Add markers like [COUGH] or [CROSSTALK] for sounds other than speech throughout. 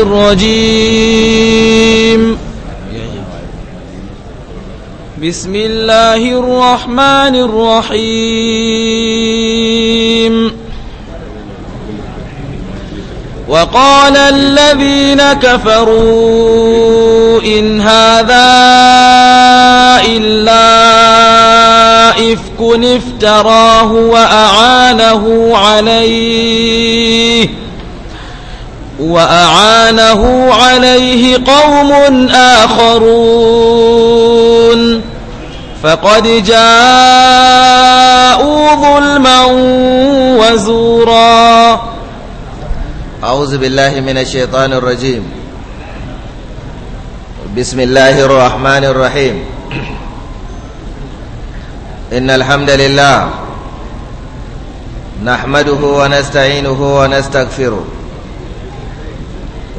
الرجيم بسم الله الرحمن الرحيم وقال الذين كفروا إن هذا إلا إفك افتراه وأعانه عليه وأعانه عليه قوم آخرون فقد جاءوا ظلما وزورا أعوذ بالله من الشيطان الرجيم بسم الله الرحمن الرحيم إن الحمد لله نحمده ونستعينه ونستغفره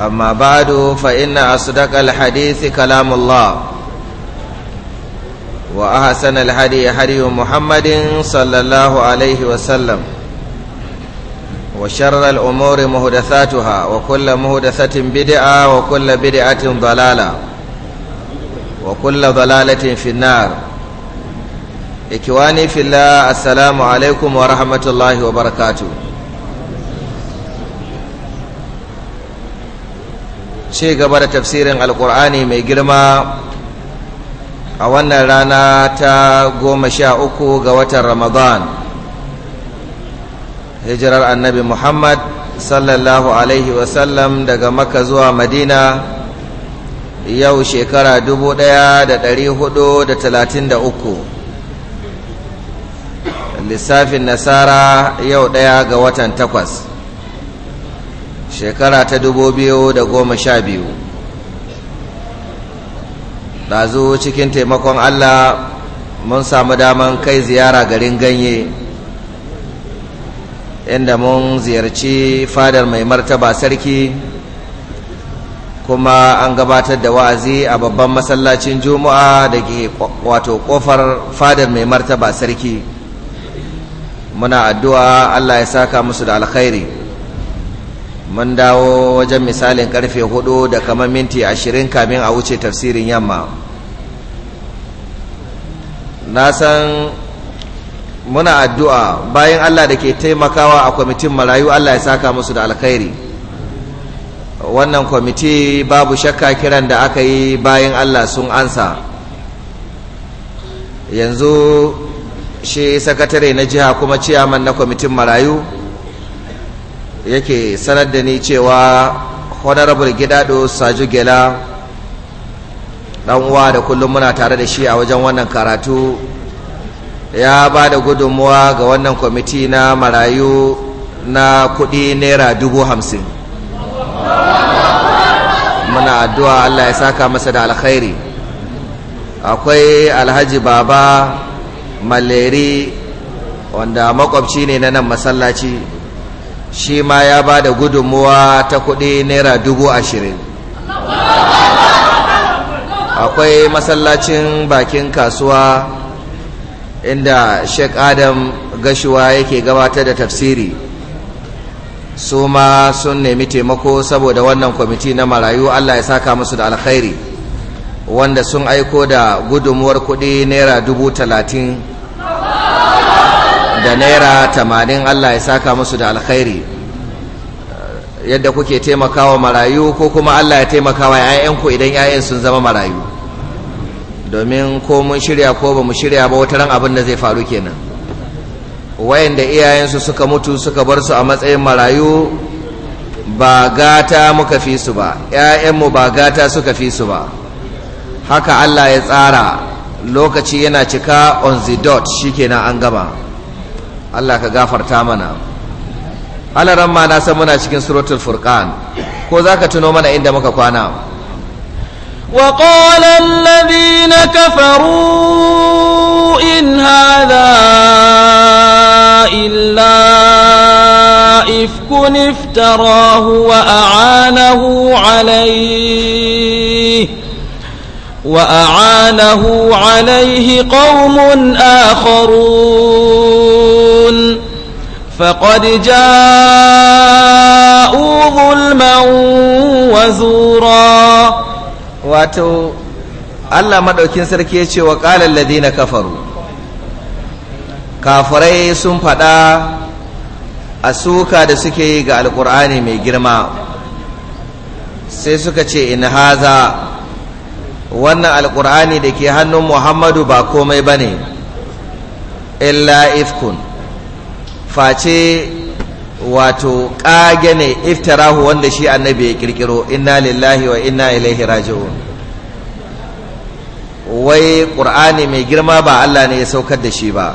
amma ba'du fa inna asdaqal hadisi kalamullah wa ahsanal hadi hadi muhammadin sallallahu alaihi wa sallam wa sharral umuri muhdathatuha wa kullu muhdathatin bid'a wa kullu bid'atin dalala wa kullu dalalatin finnar ikwani fillah assalamu alaikum wa rahmatullahi wa barakatuh ce gaba da tafsirin alkur'ani mai girma a wannan rana ta goma sha uku ga watan ramadan hijirar annabi muhammad sallallahu alaihi wasallam daga maka zuwa madina yau shekara dubu ɗaya da ɗari hudu da talatin da uku lissafin nasara yau ɗaya ga watan takwas shekara ta dubu biyu da goma sha biyu ɗazu cikin taimakon allah mun samu daman kai ziyara garin ganye inda mun ziyarci fadar mai martaba sarki kuma an gabatar da wa'azi a babban masallacin juma'a da ke wato kofar fadar mai martaba sarki muna addu'a allah ya saka musu da alkhairi mun dawo wajen misalin karfe hudu da kamar minti ashirin kamin a wuce tafsirin yamma na san muna addu'a bayan allah da ke taimakawa a kwamitin marayu allah ya saka musu da alkhairi wannan kwamiti babu shakka kiran da aka yi bayan allah sun ansa yanzu shi sakatare na jiha kuma ciyaman na kwamitin marayu yake sanar da ni cewa honorable gidado saju gela dan uwa da kullum muna tare da shi a wajen wannan karatu ya ba da gudunmuwa ga wannan kwamiti na marayu na kudi naira dubu hamsin muna addu'a allah ya saka masa da alkhairi akwai alhaji baba maleri wanda makwabci ne na nan masallaci shi ma ya ba da gudunmuwa ta kuɗi naira dubu ashirin akwai masallacin bakin kasuwa inda sheik adam gashuwa yake gabatar da tafsiri su ma sun nemi taimako saboda wannan kwamiti na marayu allah ya saka musu da alkhairi wanda sun aiko da gudunmuwar kuɗi naira dubu talatin da naira tamanin allah ya saka musu da alkhairi yadda kuke taimakawa marayu ko kuma allah ya taimakawa ‘ya'yanku idan ‘ya'yan sun zama marayu domin ko mun shirya ko ba mu shirya ba wata ran abin da zai faru kenan wayanda iyayensu suka mutu suka bar su a matsayin marayu ba gata muka fi su ba ‘ya'yanmu ba gata suka fi su ba haka allah ya tsara lokaci yana cika on the dot kenan an gama Allah ka gafarta mana alaran ma na san muna cikin suratul furqan ko zaka tuno mana inda muka kwana وقال الذين كفروا إن هذا إلا إفك افتراه وأعانه عليه وأعانه عليه قوم آخرون فقد جاءوا ظلما وزورا Allah maɗaukin sarki ya ce wa ƙalar ladina kafaru kafurai sun faɗa a suka da suke yi ga alƙur'ani mai girma sai suka ce in haza wannan alƙur'ani da ke hannun muhammadu ba komai ba ne illa ifkun face wato ƙage ne iftirahu wanda shi annabi ya kirkiro inna lillahi wa inna ilaihi raji'un wai ƙur'ani mai girma ba Allah ne ya saukar da shi ba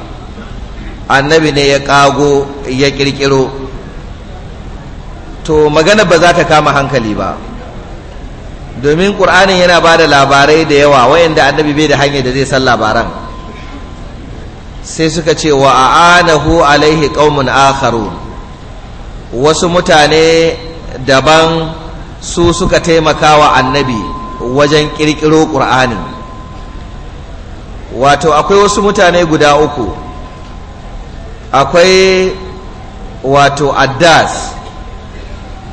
annabi ne ya ƙago ya kirkiro to magana ba za ta kama hankali ba domin ƙur'anin yana ba da labarai da yawa wayanda annabi bai da hanyar da zai san labaran sai suka ce wa a'anahu alaihi qaumun akharun wasu mutane daban su suka taimaka wa annabi wajen kirkiro qur'ani wato akwai wasu mutane guda uku akwai wato addas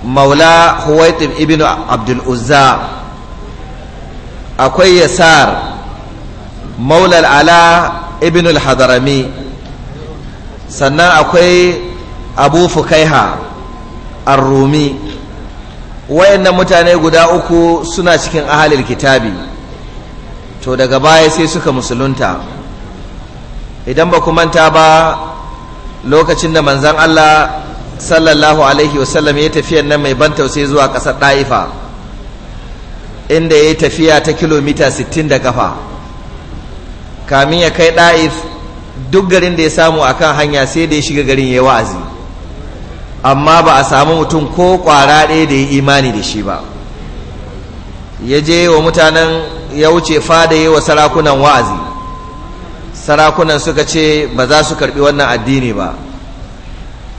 maula huwaitib ibn abdul uzza akwai yasar maula ala ibn al-hadarami sannan akwai abu fukaiha ar-rumi wayannan mutane guda uku suna cikin ahalil kitabi to daga baya sai suka musulunta idan ba ku manta ba lokacin da manzan Allah sallallahu alaihi wasallam ya tafiya nan mai ban tausayi zuwa ƙasar da'ifa inda ya tafiya ta kilomita 60 da kafa kamin ya kai ɗa'if duk garin da ya samu a kan hanya sai da ya shiga garin ya wa'azi amma ba a samu mutum ko kwara ɗaya da ya imani da shi ba ya je wa mutanen ya wuce fada yi wa sarakunan wa'azi sarakunan suka ce ba za su karɓi wannan addini ba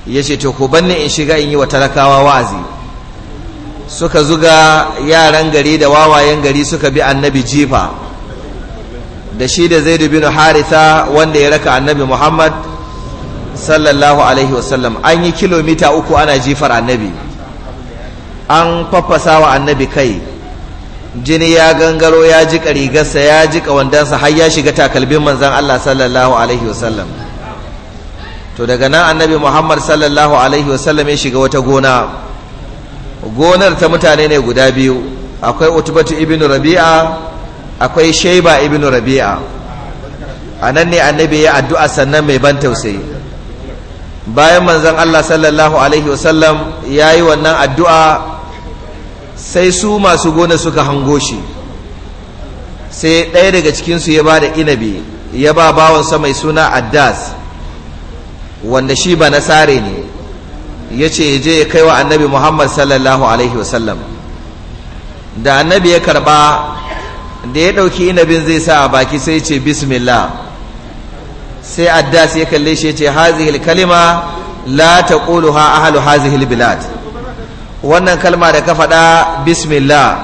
ya ce to ku banne in shiga in yi wa talakawa wa'azi suka zuga yaran gari da wawayen gari suka bi annabi jifa da shi da dubi bin haritha wanda ya raka annabi muhammad sallallahu alaihi wasallam an yi kilomita uku ana jifar annabi an fafasa wa annabi kai jini ya gangaro ya ji rigarsa ya ji ƙawandansa har ya shiga takalbin manzan allah sallallahu alaihi wasallam to daga nan annabi muhammad sallallahu alaihi wasallam ya shiga wata gona gonar ta mutane ne guda biyu akwai utubatu ibn rabi'a akwai shaiba ibn rabi'a a nan ne annabi ya addu'a sannan mai ban tausayi bayan manzan Allah sallallahu alaihi wasallam ya yi wannan addu'a sai su masu gona suka hango shi sai ɗaya daga cikinsu ya ba da inabi ya ba bawansa mai suna addas wanda shi ba nasare ne ya ce je ya kai wa annabi muhammad sallallahu alaihi wasallam da annabi ya karba da ya ɗauki inabin zai sa a baki sai ce bismillah sai sai ya kalle shi ya ce hazihil kalima la ta ha ahalu hazihil bilad wannan kalma da ka faɗa bismillah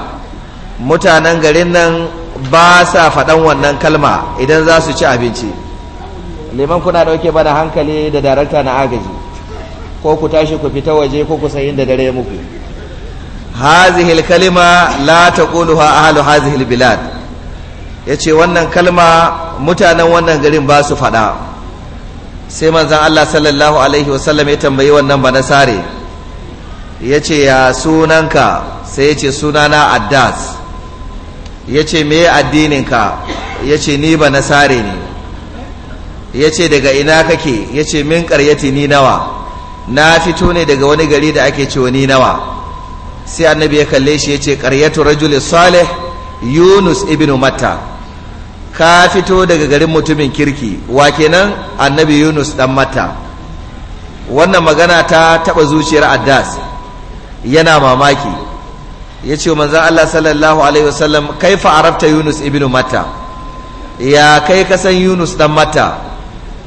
mutanen garin nan ba sa faɗan wannan kalma idan za su ci abinci liman kuna ɗauke da hankali da darakta na agaji ko ku tashi ku fita waje ko ku sayi da dare muku هذه الكلمة لا تقولها أهل هذه البلاد yace wannan kalma mutanen wannan garin ba su faɗa sai manzan Allah sallallahu alaihi wasallam ya tambayi wannan na yace ya ce ya sunanka sai ya suna sunana Addas ya ce me addininka ya ce ni ba banasare ne ce daga ina kake yace min qaryati ni nawa na fito ne daga wani gari da ake cewa ni nawa sai annabi ya kalle shi ya ce ƙaryatu rajul salih yunus ibn matta ka fito daga garin mutumin kirki wa kenan annabi yunus dan matta wannan magana ta taɓa zuciyar addas yana mamaki ya ce manzan allah sallallahu alaihi wasallam kaifa arabta yunus ibn matta ya kai kasan yunus dan matta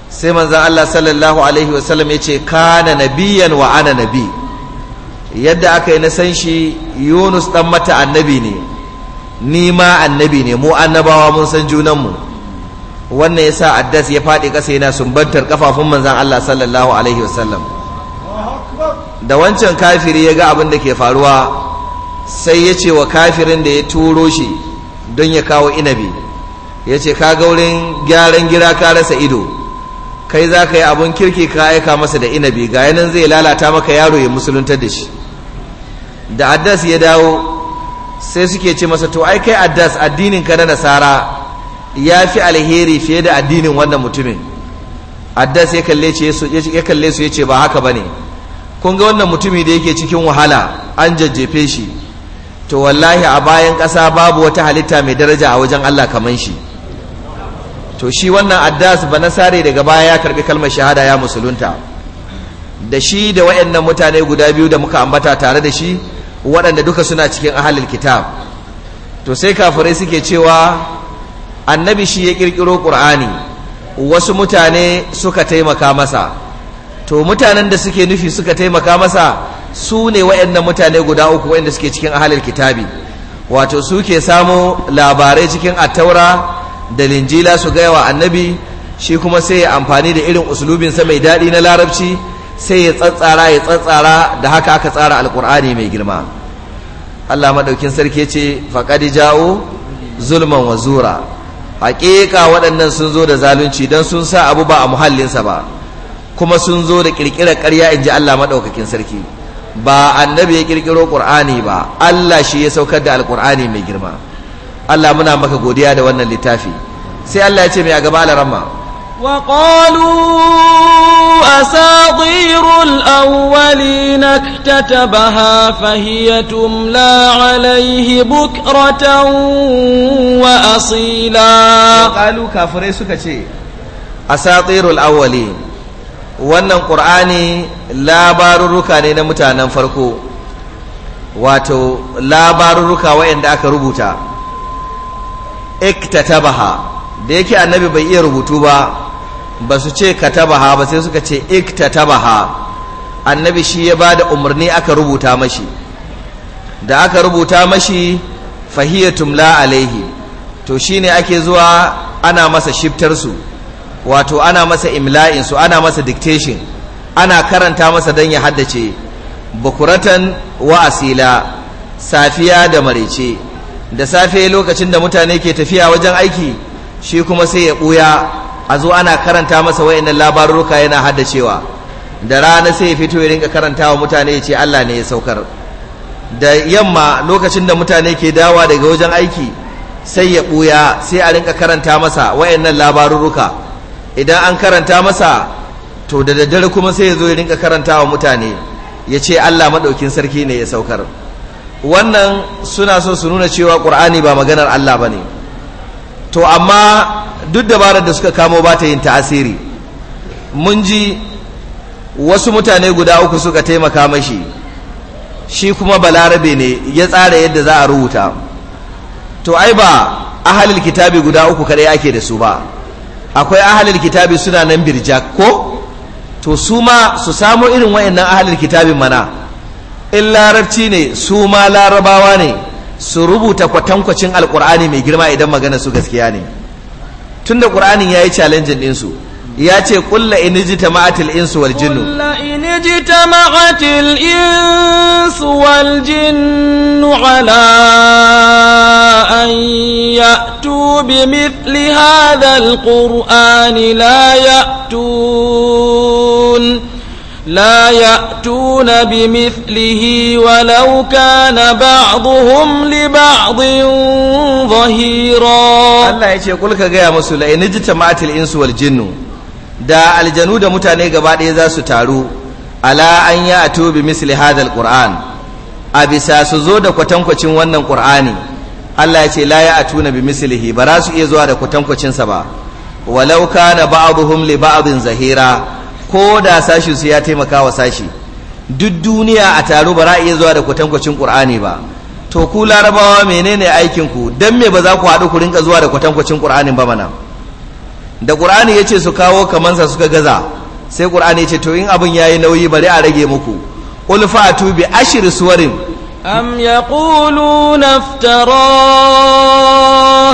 sai manzan allah sallallahu alaihi wasallam ya ce kana nabiyan wa ana nabi yadda aka yi na san shi yunus ɗan mata annabi ne ni ma annabi ne mu annabawa mun san junanmu wannan yasa addas ya faɗi ƙasa yana sumbantar kafafun manzan allah sallallahu alaihi wasallam da wancan kafiri ya ga abin da ke faruwa sai ya ce wa kafirin da ya turo shi don ya kawo inabi ya ce ka wurin gyaran gira ka rasa ido kai za ka yi abin kirki ka aika masa da inabi ga yanan zai lalata maka yaro ya musuluntar da shi da addas ya dawo sai suke ce masa to ai kai addas addinin ka na nasara ya fi alheri fiye da addinin wannan mutumin addas ya kalle su ya ce ba haka ba ne kun ga wannan mutumi da yake cikin wahala an jajjefe shi to wallahi a bayan ƙasa babu wata halitta mai daraja a wajen allah kaman shi to shi wannan addas ba nasare daga baya ya karbi kalmar shahada ya musulunta da shi da waɗannan mutane guda biyu da muka ambata tare da shi waɗanda duka suna cikin ahalil kitab to sai kafirai suke cewa annabi shi ya ƙirƙiro ƙur'ani wasu mutane suka taimaka masa to mutanen da suke nufi suka taimaka masa su ne waɗannan mutane guda uku waɗanda suke cikin ahalil kitabi wato su ke samo labarai cikin attaura da linjila su gaya wa annabi shi kuma sai ya amfani da irin usulubinsa mai daɗi na larabci sai ya tsatsara ya tsatsara da haka aka tsara alkur'ani mai girma Allah maɗaukin sarki ce faƙaɗi jawo zulman wa zura haƙiƙa waɗannan sun zo da zalunci don sun sa abu ba a muhallinsa ba kuma sun zo da ƙirƙirar ƙarya in ji Allah maɗaukakin sarki ba annabi ya ƙirƙiro ƙur'ani ba Allah shi ya saukar da alƙur'ani mai girma Allah muna maka godiya da wannan littafi sai Allah ya ce mai a gaba alarama وقالوا أساطير الأولين اكتتبها فهي تملى عليه بكرة وأصيلا وقالوا كافري سكتي أساطير الأولين wannan ƙur'ani labarurruka ne na mutanen farko wato labarurruka waɗanda aka rubuta iktatabaha da yake annabi bai iya rubutu ba ba su ce katabaha ba sai suka ce iktatabaha annabi shi ya ba da umarni aka rubuta mashi da aka rubuta mashi fahiyya tumla alaihi to shine ake zuwa ana masa shiftarsu wato ana masa imla'insu ana masa dictation ana karanta masa don ya haddace bukuratan wa asila safiya da marece da safe lokacin da mutane ke tafiya wajen aiki shi kuma sai ya ɓuya a zo ana karanta masa wayannan labaruruka yana haddacewa da rana sai ya fito ya rinka karanta wa mutane ya ce Allah ne ya saukar da yamma lokacin da mutane ke dawa daga wajen aiki sai ya ɓuya sai a rinka karanta masa wayannan labaruruka idan an karanta masa to da daddare kuma sai ya zo ya rinka karanta wa mutane ya ce Allah maɗaukin sarki ne ya saukar wannan suna so su nuna cewa ƙur'ani ba maganar Allah ba ne to amma duk dabarar da suka kamo ba ta yin ta'asiri mun ji wasu mutane guda uku suka taimaka mashi shi kuma balarabe ne ya tsara yadda za a rubuta to ai ba ahalil kitabi guda uku kadai ake da su ba akwai ahalil kitabi suna nan birjak ko to su ma su samo irin wayannan ahalil kitabin mana in larabci ne su ma larabawa ne su rubuta kwatankwacin alkur'ani mai girma idan magana su gaskiya ne tun tunda qur'anin yi challenge din su ya ce kulla in jitama'atil insu wal jinnu kulla in jitama'atil insu wal jinnu ala an ya tubi mithli hadha al qur'ani la ya'tun لا يأتون بمثله ولو كان بعضهم لبعض ظهيرا الله يشي قل كغا مسو لا نجتمعت الانس والجن da aljanu da mutane gaba ɗaya za su taru ala an ya ato bi misli hadal qur'an a bisa su zo da kwatankwacin wannan Ƙur'ani. Allah ya ce la ya atuna bi mislihi ba su iya zuwa da kwatankwacinsa ba walau kana ba'dhum li ba'dhin zahira ko da sashi su ya taimaka wa sashi duk duniya a taro ba za a iya zuwa da kwatankwacin ƙur'ani ba to ku larabawa menene aikinku don me ba za ku haɗu ku rinka zuwa da kwatankwacin ƙur'anin ba mana da ƙur'ani ya ce su kawo sa suka gaza sai ƙur'ani ya ce to in abin ya yi nauyi bari a rage muku ulfa bi ashir suwarin أم يقولون افتراه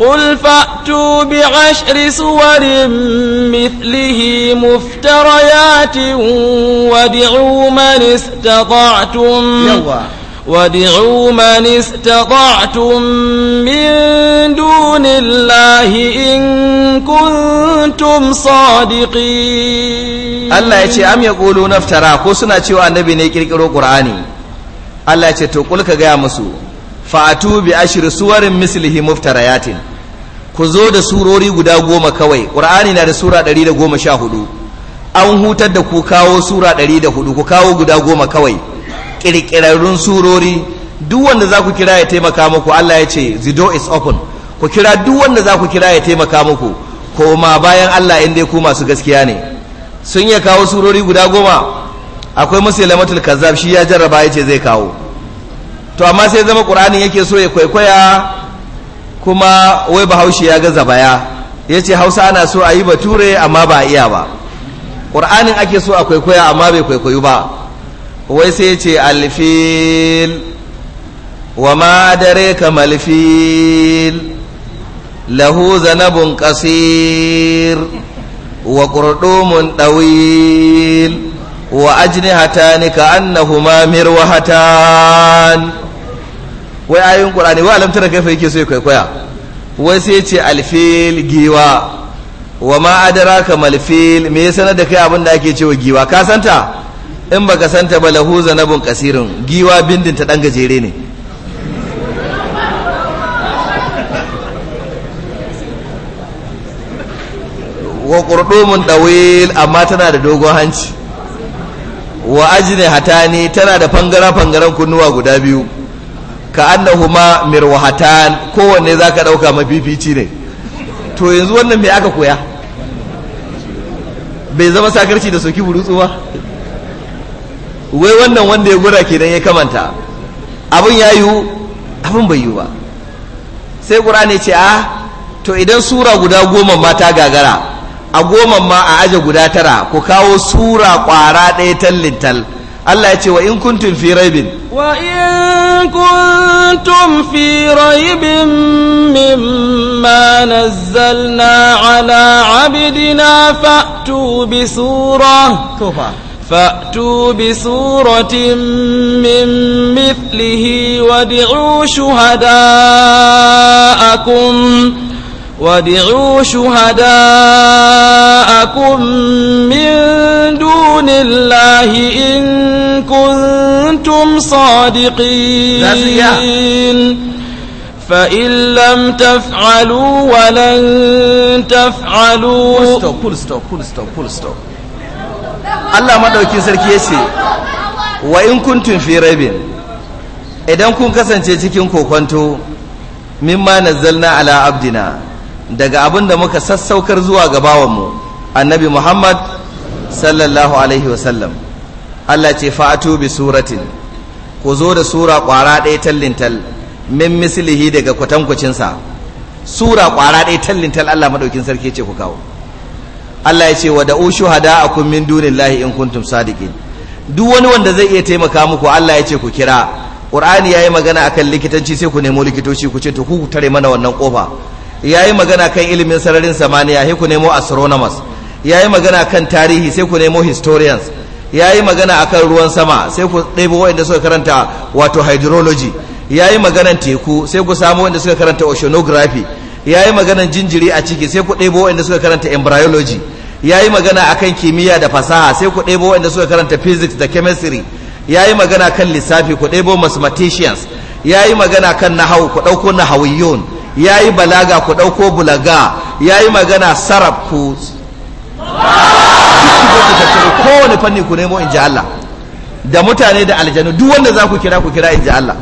قل فأتوا بعشر سور مثله مفتريات وادعوا من استطعتم وادعوا من استطعتم من دون الله إن كنتم صادقين الله يتي أم يقولون افتراه قل سنة النبي نكرر قرآني Allah ce to ka gaya musu fa'atu bi ashir suwarin mislihi muftarayatin ku zo da surori guda goma kawai qur'ani na da sura 114 an hutar da ku kawo sura 104 ku kawo guda goma kawai kirkirarrun surori duk wanda za ku kira ya taimaka muku Allah ya ce the door is open ku kira duk wanda za ku kira ya taimaka muku koma bayan Allah in dai ku masu gaskiya ne sun ya kawo surori guda goma akwai musulmatul kazzab shi ya jarraba ya ce zai kawo to amma sai zama ƙur'ani yake so ya kwaikwaya kuma wai bahaushe ya gaza baya yace hausa ana so a yi ba ture amma ba a iya ba ƙur'anin ake so a kwaikwaya amma bai kwaikwayu ba wai sai ya ce alfil wa ma dare malfil lahu zanabun wa ƙurɗumun ɗawil wa hatani ka annahuma hatan wai ayoyin qur'ani wa alam tara yake so ya kwaikwaya wai sai ce alfil giwa wa ma adraka malfil me ya sanar da kai abin da ake cewa giwa ka santa in baka santa ba lahu zanabun kasirin giwa bindin ta dan gajere ne wa qurdumun dawil amma tana da dogon hanci wa ajini hatani tana da fangara-fangaren kunnuwa guda biyu ka annahuma mirwahatan kowanne za ka ɗauka mafifici ne to yanzu wannan mai aka koya bai zama sakarci da soki burutsu ba wai wannan wanda ya gura kenan ya kamanta abin ya yiwu abin bai yiwu ba sai ƙura ne ce a ah, to idan sura guda goma mata gagara a goman ma a aje guda tara ku kawo sura kwara ɗaya tallintal Allah ya ce wa in kuntum fi raibin wa in kuntum fi raibin mimma nazzalna ala abidina fa'tu bi sura fa'tu bi suratin min mithlihi مثله وادعوا shuhada a دون الله إن كنتم صادقين فإن لم تفعلوا ولن تفعلوا full stop Allah madaukin sarki yace wa in kuntum fi raibin idan kun kasance cikin kokonto mimma nazzalna ala abdina daga abin da muka sassaukar zuwa ga bawanmu annabi muhammad sallallahu alaihi wasallam allah ce fa'atu bi suratin ku zo da sura kwara ɗaya tallintal min mislihi daga kwatankwacinsa sura kwara ɗaya tallintal allah maɗaukin sarki ce ku kawo allah ya ce wa da'u shuhada akum min lahi in kuntum sadiqin duk wani wanda zai iya taimaka muku allah ya ce ku kira qur'ani yi magana akan likitanci sai ku nemo likitoci ku ce to ku tare mana wannan kofa yayi magana kan ilimin sararin samaniya sai ku nemo astronomers yayi magana kan tarihi sai ku nemo historians yayi magana akan ruwan sama sai ku ɗebo wanda suka karanta wato hydrology yayi magana maganan teku sai ku samu wanda suka karanta oceanography yayi magana jinjiri a ciki sai ku ɗebo wanda suka karanta embryology yayi magana akan kimiyya da fasaha sai ku ɗebo wanda suka karanta physics da chemistry yayi magana kan lissafi ku ɗebo mathematicians yayi magana kan nahau ku ɗauko nahawiyyun ya yi balaga ku ɗauko bulaga ya yi magana sarab ku kowane fanni ku nemo in ji Allah da mutane da aljanu duk wanda za ku kira ku kira in ji Allah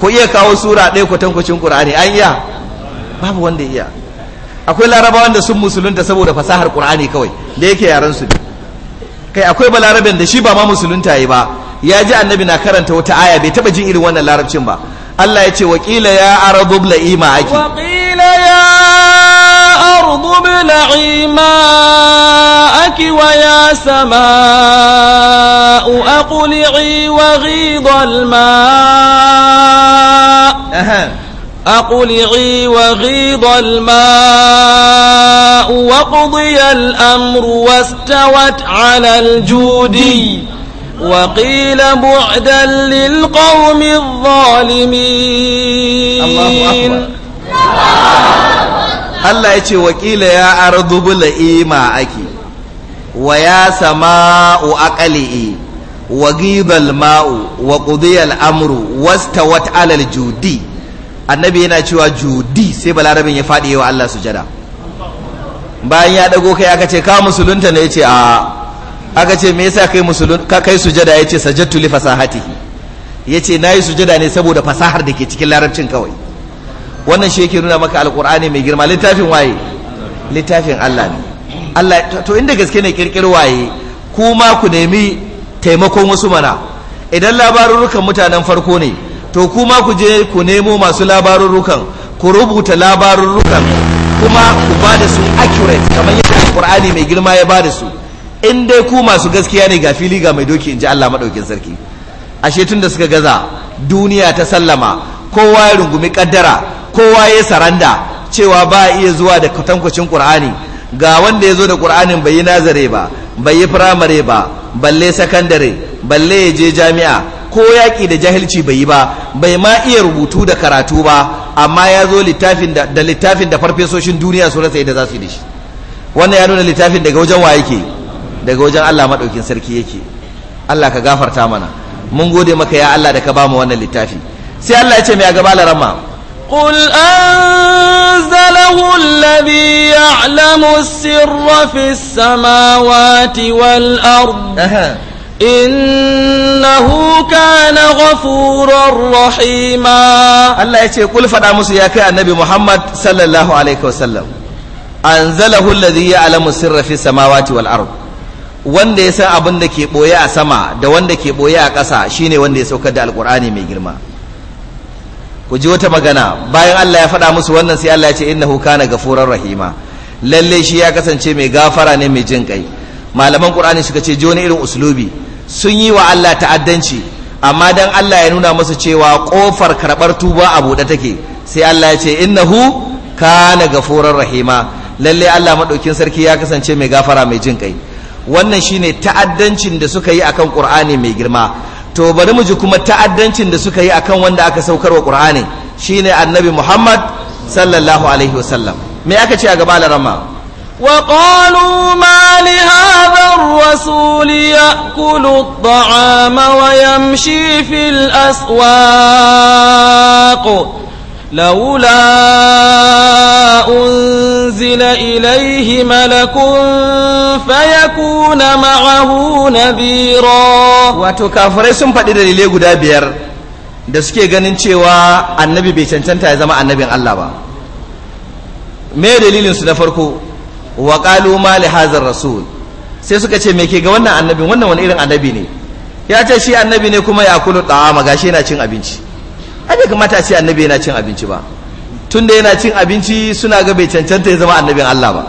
ku iya kawo sura ɗaya ku tankocin ƙur'ani an iya babu wanda iya akwai larabawa da sun musulunta saboda fasahar ƙur'ani kawai da yake yaran su kai akwai balaraben da shi ba ma musulunta yi ba ya ji annabi na karanta wata aya bai taba jin irin wannan larabcin ba Allah ya ce wakila ya ardu bla'i ma'aki wakila ya ardu bla'i ma'aki wa ya sama'u aqli'i wa ghidha al-ma' أقلعي وغيض الماء وقضي الأمر واستوت على الجودي وقيل بعدا للقوم الظالمين الله أكبر Allah ya ce wakila ya ardu bula'i ma'aki wa ya sama'u aqali'i wa ghibal ma'u wa qudiyal amru wastawat alal judi annabi yana cewa judi sai balarabin ya fadi wa Allah sujada bayan ya dago kai aka ce ka musulunta ne yace a aka ce me yasa kai musulun ka kai sujada yace sajadtu li fasahatihi yace nayi sujada ne saboda fasahar da ke cikin larabcin kawai wannan shi yake nuna maka alqur'ani mai girma littafin waye littafin Allah ne Allah to inda gaske ne kirkir waye kuma ku nemi taimakon wasu mana idan labarurrukan mutanen farko ne to kuma ku je ku nemo masu labarurrukan ku rubuta labarurrukan kuma ku ba da su accurate kamar yadda alqur'ani mai girma ya ba da su in dai ku masu gaskiya ne ga fili ga mai doki in ji Allah maɗaukin sarki ashe tun da suka gaza duniya ta sallama kowa ya rungumi kaddara kowa ya saranda cewa ba a iya zuwa da tankwacin ƙur'ani ga wanda ya zo da ƙur'anin bai yi nazare ba bai yi firamare ba balle sakandare balle ya je jami'a ko yaƙi da jahilci bai yi ba bai ma iya rubutu da karatu ba amma ya zo da littafin da farfesoshin duniya su rasa yadda za su yi da shi wannan ya nuna littafin daga wajen wa yake daga wajen Allah maɗaukin sarki yake Allah ka gafarta mana mun gode maka ya Allah da ka ba mu wannan littafi sai Allah ya ce mai a gaba larama قل أنزله الذي يعلم السر في السماوات والأرض إنه كان غفورا رحيما الله يتي قل فدا musu ya kai annabi Muhammad sallallahu alaihi wasallam anzalahu alladhi ya'lamu sirra fi samawati wal ard wanda ya san abin da ke ɓoye a sama da wanda ke ɓoye a ƙasa shine wanda ya saukar da alƙur'ani mai girma ku ji wata magana bayan Allah ya faɗa musu wannan sai Allah ya ce innahu kana gafurar rahima lalle shi ya kasance mai gafara ne mai jin kai malaman ƙur'ani suka ce joni irin uslubi sun yi wa Allah ta'addanci amma dan Allah ya nuna musu cewa ƙofar karɓar tuba a buɗe take sai Allah ya ce innahu kana gafurar rahima lalle Allah maɗaukin sarki ya kasance mai gafara mai jin kai wannan shine ta'addancin da suka yi akan qur'ani mai girma to bari mu ji kuma ta'addancin da suka yi akan wanda aka saukar wa qur'ani shine annabi muhammad sallallahu alaihi wasallam me aka ce a gaba larama وقالوا ما لهذا الرسول يأكل الطعام ويمشي في الأسواق لولا أنزل إليه ملك فيكون معه نذيرا وتكافر سن فدي dalilai guda biyar da suke ganin cewa annabi bai cancanta ya zama annabin Allah ba me dalilin su na farko wa qalu ma li hazar rasul sai suka ce me ke ga wannan annabin wannan wani irin annabi ne ya ce shi annabi ne kuma ya kula ta'ama gashi yana cin abinci bai kamata a ce annabi yana cin abinci ba tun da yana cin abinci suna ga bai cancanta ya zama annabin Allah ba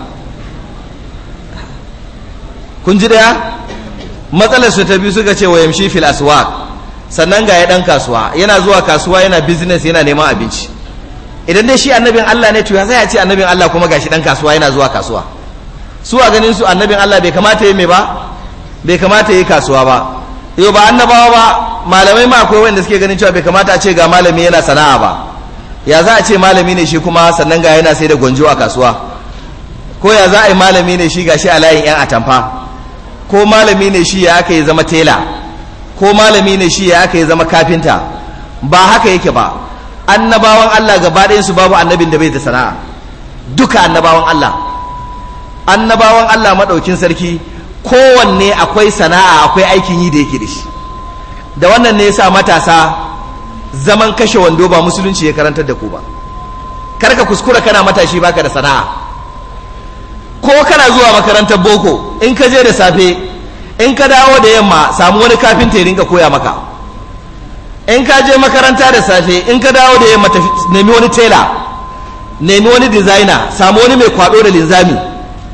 kun ji daya matsalar su ta biyu suka ce wa yamshi fil aswaq sannan ga ya dan kasuwa yana zuwa kasuwa yana business yana neman abinci idan dai shi annabin Allah ne to ya sai ya ce annabin Allah kuma gashi dan kasuwa yana zuwa kasuwa su a ganin su annabin Allah bai kamata yi mai ba bai kamata yi kasuwa ba yau ba annabawa ba malamai ma akwai wanda suke ganin cewa bai kamata a ce ga malami yana sana'a ba ya za a ce malami ne shi kuma sannan ga yana sai da gwanjo a kasuwa ko ya za a yi malami ne shi gashi a layin yan atamfa ko malami ne shi ya aka yi zama tela ko malami ne shi ya aka yi zama kafinta ba haka yake ba annabawan Allah gaba ɗayan su babu annabin da bai da sana'a duka annabawan Allah annabawan Allah madaukin sarki kowanne akwai sana'a akwai aikin yi da yake da shi da wannan ne yasa matasa zaman kashe wando ba musulunci ya karantar da ku ba kar ka kuskura kana matashi baka da sana'a ko kana zuwa makarantar boko in ka je da safe in ka dawo da yamma samu wani kafinta ya rinka koya maka in ka je makaranta da safe in ka dawo da yamma nemi wani tela nemi wani designer samu wani mai kwado da linzami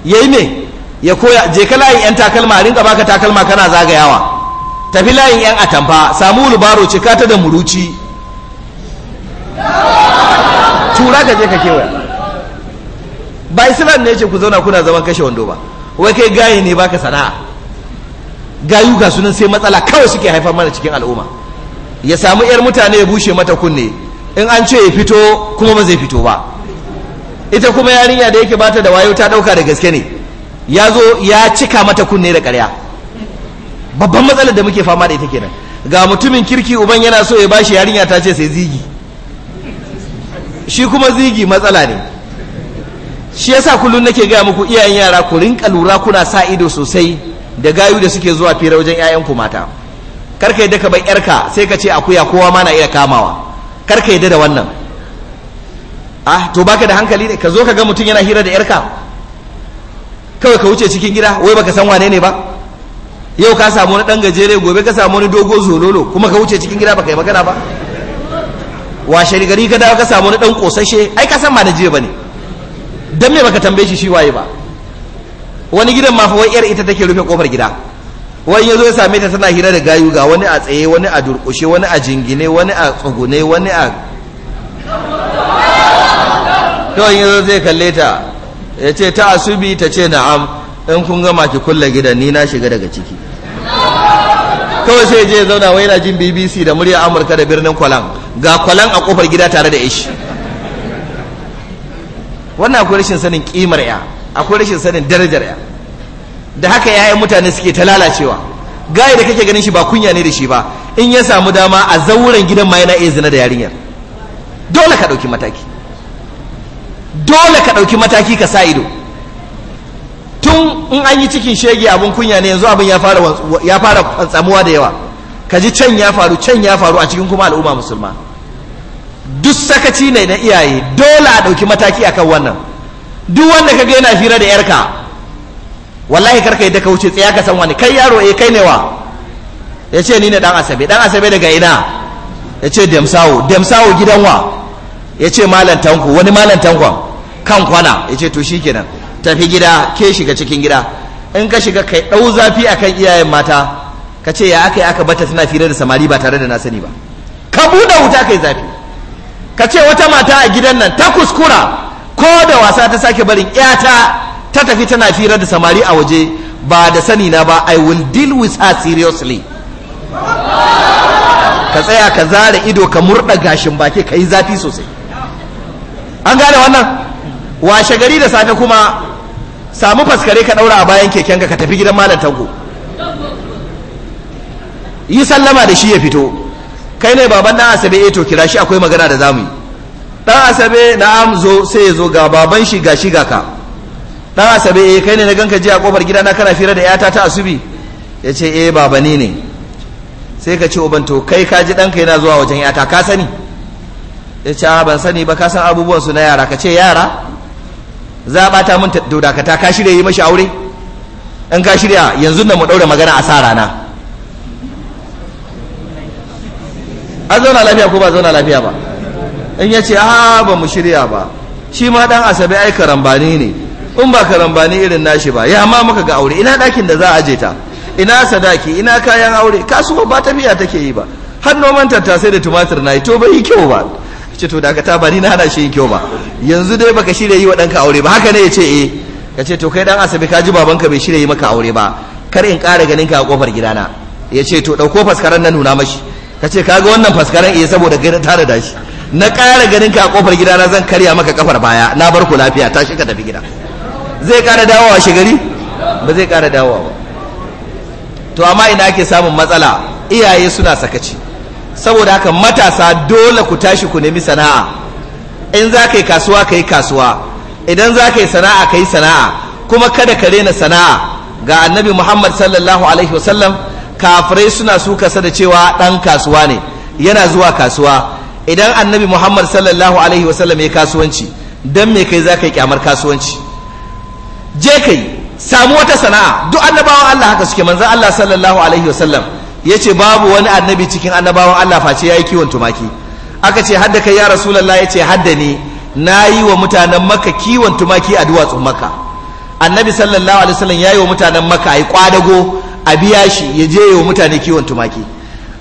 yayi me ya koya je ka layin yan takalma rinka baka takalma kana zagayawa tafi layin 'yan atamfa samu lubaro cika ta da muruci tura ka je ka kewaya ba islam ne ce ku zauna kuna zaman kashe wando ba wai kai gayi ne baka sana'a gayu ga sunan sai matsala kawai suke haifar mana cikin al'umma ya samu 'yar mutane ya bushe mata kunne in an ce ya fito kuma ba zai fito ba ita kuma yarinya da yake bata da wayo ta dauka da gaske ne ya zo ya cika mata kunne da karya babban matsalar da muke fama da ita kenan ga mutumin kirki uban yana so ya bashi yarinya ta ce sai zigi shi kuma zigi matsala ne shi yasa kullum nake gaya muku iyayen yara ku rinka lura kuna sa ido sosai da gayu da suke zuwa fira wajen ku mata karka yadda ka bai yarka sai ka ce akuya kowa ma na iya kamawa karka yadda da wannan ah to baka da hankali ne ka zo ka ga mutum yana hira da yarka kawai ka wuce cikin gida wai baka san wane ne ba yau ka samu wani ɗan gajere gobe ka samu wani dogo zololo kuma ka wuce cikin gida ba ka yi magana ba washe gari ka dawo ka samu wani ɗan ƙosashe ai ka san ma na jiya bane don me baka tambaye shi shi waye ba wani gidan ma fa yar ita take rufe kofar gida wani ya zo ya same ta tana hira da gayu ga wani a tsaye wani a durkushe wani a jingine wani a tsugune wani a kawai zo zai kalle ta ya ce ta asubi ta ce na'am in kun gama ki kulle gidan ni na shiga daga ciki kawai sai je zauna wai yana jin bbc da murya amurka da birnin kwalan ga kwalan a kofar gida tare da ishi wannan akwai rashin sanin kimar ya akwai rashin sanin darajar ya da haka yayan mutane suke ta lalacewa gaya da kake ganin shi ba kunya ne da shi ba in ya samu dama a zauren gidan ma yana iya zina da yarinyar dole ka ɗauki mataki dole ka ɗauki mataki ka sa ido tun in an yi cikin shege abin kunya ne yanzu abin ya fara tsamuwa da yawa ka ji can ya faru can ya faru a cikin kuma al'umma musulma duk sakaci ne na iyaye dole a ɗauki mataki akan wannan duk wanda ka ga yana fira da yarka wallahi karka yi daga wuce tsaya ka san wani kai yaro eh kai ne wa ya ce ni ne dan asabe dan asabe daga ina ya ce demsawo demsawo gidan wa ya ce malam tanko wani malam tankon kan kwana ya ce to shikenan tafi gida ke shiga cikin gida in ka shiga kai ɗau zafi akan iyayen mata ka ce ya aka yi aka bata suna fira da samari ba tare da na sani ba ka buɗe wuta kai zafi ka ce wata mata a gidan nan ta kuskura ko da wasa ta sake barin ƴata ta tafi tana fira da samari a waje ba da sani na ba i will deal with her seriously ka tsaya ka zara ido ka murɗa gashin baki ka yi zafi sosai an gane wannan washe gari da safe kuma samu faskare ka daura a bayan kekenka ka tafi gidan malam tanko yi sallama da shi ya fito kai ne baban dan asabe eto eh kira shi akwai magana da zamu yi dan asabe na'am zo sai ya zo ga baban shi ga shi ga ka dan asabe eh kai ne na ganka je a kofar na kana fira da yata ta asubi ya ce eh baba ni ne sai ka ce uban to kai ka ji ɗanka yana zuwa wajen yata ka sani ya ce ban sani ba ka san abubuwan su na yara ka ce yara za a bata mun dodakata ka shirya yi mashi aure in ka shirya yanzu na mu daura magana a sa rana an zauna lafiya ko ba zauna lafiya ba in ya ce a ba mu shirya ba shi ma dan asabe ai karambani ne in ba karambani irin nashi ba ya ma muka ga aure ina ɗakin da za a je ta ina sadaki ina kayan aure kasuwa ba tafiya take yi ba har noman tattasai da tumatir na yi to bai yi kyau ba ce to daga ta ba ni na hana shi yin kyau ba yanzu dai baka shirya yi wa ɗanka aure ba haka ne ya ce eh ka ce to kai dan asabe ka ji babanka bai shirya yi maka aure ba kar in ƙara ganin ka a ƙofar gidana ya ce to ɗauko faskaran na nuna mashi ka ce kaga wannan faskaran iya eh, saboda gani tare da shi na ƙara ganin ka a ƙofar gidana zan karya maka kafar baya na bar ku lafiya tashi ka tafi gida zai ƙara dawowa shi gari ba zai ƙara dawowa ba to amma ina ake samun matsala iyaye suna sakaci saboda haka matasa dole ku tashi ku nemi sana'a in za ka yi kasuwa ka yi kasuwa idan za ka yi sana'a ka yi sana'a kuma kada ka rena sana'a ga annabi muhammad sallallahu alaihi wasallam kafirai suna kasa da cewa ɗan kasuwa ne yana zuwa kasuwa idan annabi muhammad sallallahu alaihi wasallam ya kasuwanci don me kai za ka yi kyamar kasuwanci je kai samu wata sana'a duk annabawan allah haka suke manzan allah sallallahu alaihi wasallam ya ce babu wani annabi cikin annabawan Allah face ya yi kiwon tumaki aka ce hadda kai ya rasulallah ya ce hadda ne na yi wa mutanen maka kiwon tumaki a duwatsun maka annabi sallallahu alaihi wasallam ya yi wa mutanen maka a yi kwadago a biya shi ya je yi wa mutane kiwon tumaki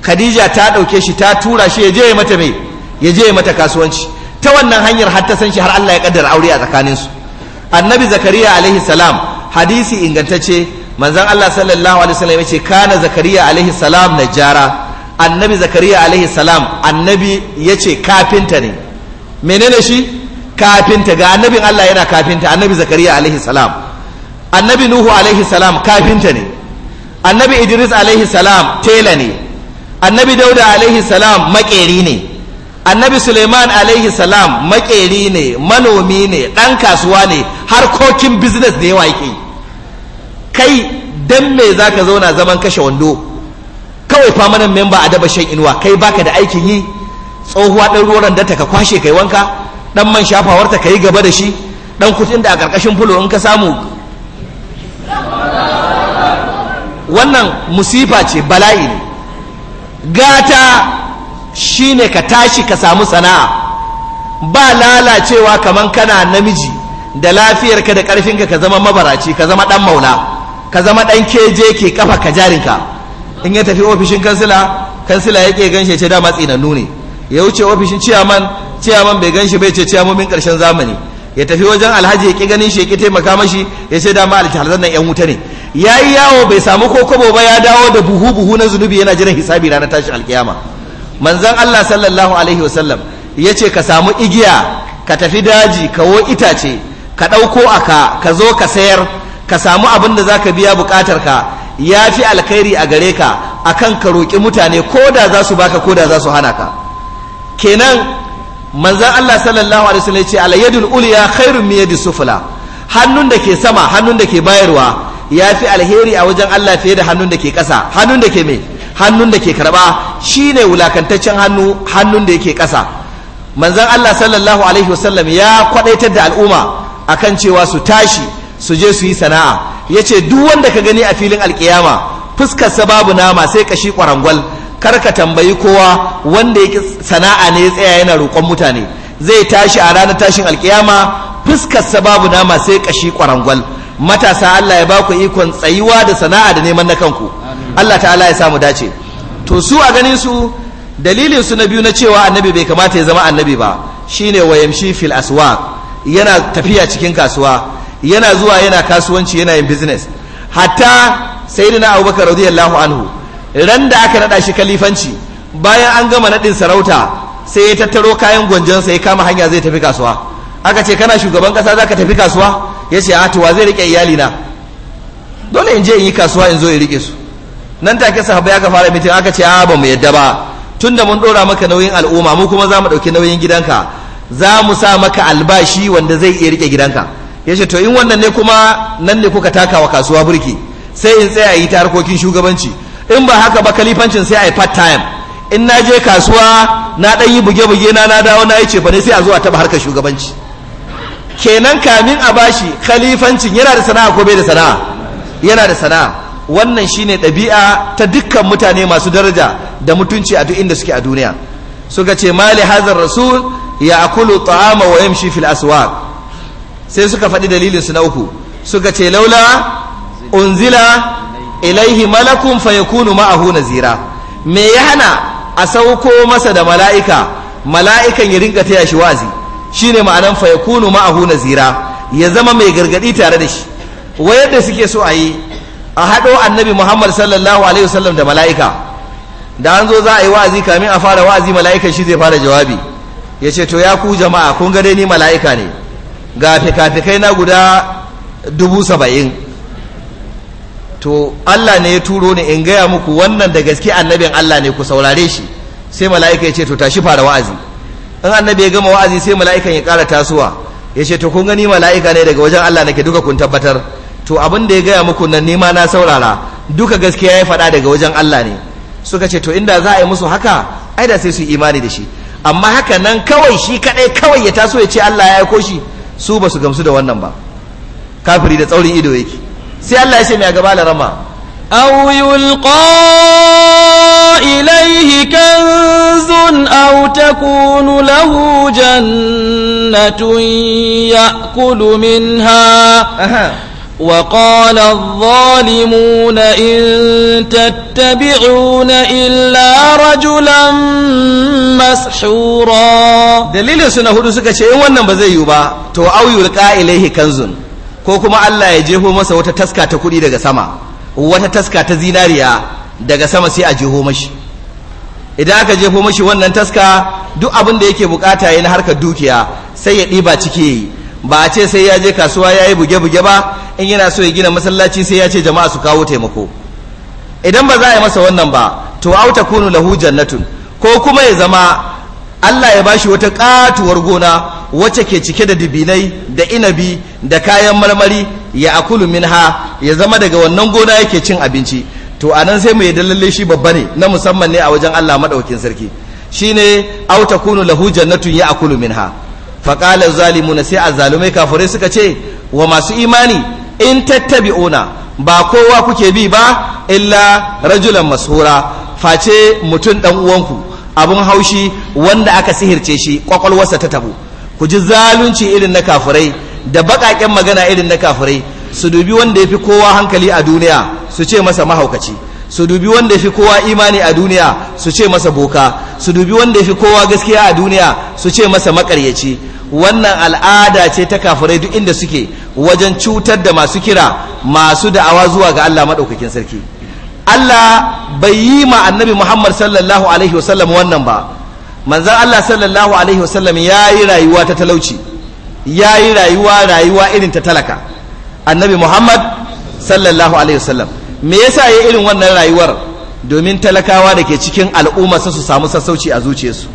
khadija ta ɗauke shi ta tura shi ya je mata mai ya je mata kasuwanci ta wannan hanyar har ta san shi har Allah ya kaddara aure a tsakaninsu annabi zakariya alaihi salam hadisi ingantacce manzon Allah sallallahu alaihi wasallam yace kana zakariya alaihi salam najara annabi zakariya alaihi salam annabi yace kafinta ne menene shi kafinta ga annabin Allah yana kafinta annabi zakariya alaihi salam annabi nuhu alaihi salam kafinta ne annabi idris alaihi salam tela ne annabi dauda alaihi salam makeri ne annabi suleiman alaihi salam makeri ne manomi ne dan kasuwa ne harkokin business da yawa yake yi kai dan me za ka zauna zaman kashe wando kawai famanin memba a daba shan inuwa kai baka da aikin yi tsohuwa ɗan ruwan da ta ka kwashe kai wanka ɗan man shafawarta ka yi gaba da shi ɗan kutun da a ƙarƙashin fulo in ka samu wannan musifa ce bala'i ne gata shine ka tashi ka samu sana'a ba lalacewa kamar kana namiji da lafiyarka da ƙarfinka ka zama mabaraci ka zama ɗan maula ka zama ɗan keje ke kafa ka jarinka in ya tafi ofishin kansila kansila ya yake ganshe ce dama tsinannu ne ya wuce ofishin ciyaman ciyaman bai ganshi bai ce ciyamomin ƙarshen zamani ya tafi wajen alhaji ya ƙi ganin shi ya ƙi taimaka mashi ya ce dama alhalzan nan yan wuta ne ya yi yawo bai samu ko kobo ba ya dawo da buhu buhu na zunubi yana jiran hisabi ranar tashin alkiyama manzon Allah sallallahu alaihi wasallam ya ce ka samu igiya ka tafi daji kawo itace ka ɗauko aka ka zo ka sayar ka samu abin da za ka biya bukatar ka ya fi alkhairi a gare ka a kan ka roƙi mutane ko da za su baka ko da za su hana ka kenan manzan Allah sallallahu alaihi wasallam ce alayyadul ulya khairun min yadis sufla hannun da ke sama hannun da ke bayarwa ya fi alheri a wajen Allah fiye da hannun da ke ƙasa hannun da ke me hannun da ke karba shine wulakantaccen hannu hannun da yake ƙasa manzan Allah sallallahu alaihi wasallam ya kwadaitar da al'umma akan cewa su tashi su je su yi sana'a ya ce duk wanda ka gani a filin alkiyama fuskar babu nama sai kashi kwarangwal kar ka tambayi kowa wanda ya sana'a ne ya tsaya yana roƙon mutane zai tashi a ranar tashin alkiyama fuskar babu nama sai kashi kwarangwal matasa Allah ya ba ku ikon tsayuwa da sana'a da neman na kanku Allah ta'ala ya samu dace to su a ganin su dalilin su na biyu na cewa annabi bai kamata ya zama annabi ba shine wayamshi fil aswaq yana tafiya cikin kasuwa yana zuwa yana kasuwanci yana yin business hatta sayyidina abubakar radiyallahu anhu ran da aka nada shi kalifanci bayan an gama nadin sarauta sai ya tattaro kayan sa ya kama hanya zai tafi kasuwa aka ce kana shugaban kasa zaka tafi kasuwa ya ce a wa zai rike iyali na dole in je in yi kasuwa in zo in rike su nan take ya aka fara mitin aka ce a ba mu yadda ba tunda mun dora maka nauyin al'umma mu kuma za mu ɗauki nauyin gidanka za mu sa maka albashi wanda zai iya rike gidanka ya ce to in wannan ne kuma nan ne kuka taka wa kasuwa burki sai in tsaya yi ta harkokin shugabanci in ba haka ba kalifancin sai a yi part time in na je kasuwa na ɗan yi buge-buge na na dawo na yi ce ne sai a zuwa taɓa harkar shugabanci kenan kamin a bashi kalifancin yana da sana'a ko bai da sana'a yana da sana'a wannan shine ɗabi'a ta dukkan mutane masu daraja da mutunci a duk inda suke a duniya suka ce mali hazar rasul ya akulu ta'ama wa yamshi fil aswaq sai suka faɗi dalilin su na uku suka ce laula unzila ilaihi malakun fayakunu ma'ahu nazira me ya hana a sauko masa da mala'ika mala'ikan ya rinka taya shi wazi shine ma'anan fayakunu ma'ahu nazira ya zama mai gargadi tare da shi wai yadda suke so a yi a haɗo annabi muhammad sallallahu alaihi wasallam da mala'ika da an zo za a yi wa'azi kamin a fara wa'azi mala'ikan shi zai fara jawabi ya ce to ya ku jama'a kun ga dai ni mala'ika ne ga fikafikai na guda dubu saba'in to Allah ne ya turo ni in gaya muku wannan da gaske annabin Allah ne ku saurare shi sai mala'ika ya ce to tashi fara wa'azi in annabi ya gama wa'azi sai mala'ikan ya ƙara tasowa ya ce to kun gani mala'ika ne daga wajen Allah nake duka kun tabbatar to abin da ya gaya muku nan nema na saurara duka gaskiya ya faɗa daga wajen Allah ne suka ce to inda za a yi musu haka ai da sai su imani da shi amma haka nan kawai shi kadai kawai ya taso ya ce Allah ya aiko shi su ba su gamsu da wannan ba kafiri da tsaurin ido yake sai Allah ya ce mai gaba larama aw yulqa ilayhi kanzun aw takunu lahu jannatun ya'kulu minha وقال الظالمون إن تتبعون إلا رجلا مسحورا dalilin suna hudu suka ce in wannan ba zai yiwu ba to au yulqa ilaihi kanzun ko kuma Allah ya jeho masa wata taska ta kuɗi daga sama wata taska ta zinariya daga sama sai a jeho mashi idan aka jeho mashi wannan taska duk abin da yake bukata yana harkar dukiya sai ya ɗiba ciki yayi ba a ce sai ya je kasuwa ya yi buge-buge ba in yana so ya gina masallaci sai ya ce jama'a su kawo taimako idan ba za a yi masa wannan ba to auta kunu lahu jannatun ko kuma ya zama Allah ya bashi wata katuwar gona wacce ke cike da dibinai da inabi da kayan marmari ya akulu minha ya zama daga wannan gona yake cin abinci to a nan sai mu yi lalle shi babba ne na musamman ne a wajen Allah maɗaukin sarki shi ne auta kunu lahu jannatun ya akulu minha faƙalar zalimuna sai azzalumai kafirai suka ce wa masu imani in tattabi'una ba kowa kuke bi ba illa rajulan mashura face mutum ɗan uwanku abun haushi wanda aka sihirce shi ƙwaƙwalwarsa ta tabo ku ji zalunci irin na kafirai da baƙaƙen magana irin na kafirai su dubi wanda ya fi kowa hankali a duniya su ce masa mahaukaci su dubi wanda ya fi kowa imani a duniya su ce masa boka su dubi wanda ya fi kowa gaskiya a duniya su ce masa makaryaci wannan al'ada ce ta kafirai duk inda suke wajen cutar da masu kira masu da'awa zuwa ga Allah maɗaukakin sarki Allah bai yi ma annabi Muhammad sallallahu alaihi wasallam wannan ba manzon Allah sallallahu alaihi wasallam ya yi rayuwa ta talauci ya yi rayuwa rayuwa irin ta talaka annabi Muhammad sallallahu alaihi wasallam me yasa ya irin wannan rayuwar domin talakawa da ke cikin al'ummarsa su samu sassauci a zuciyarsu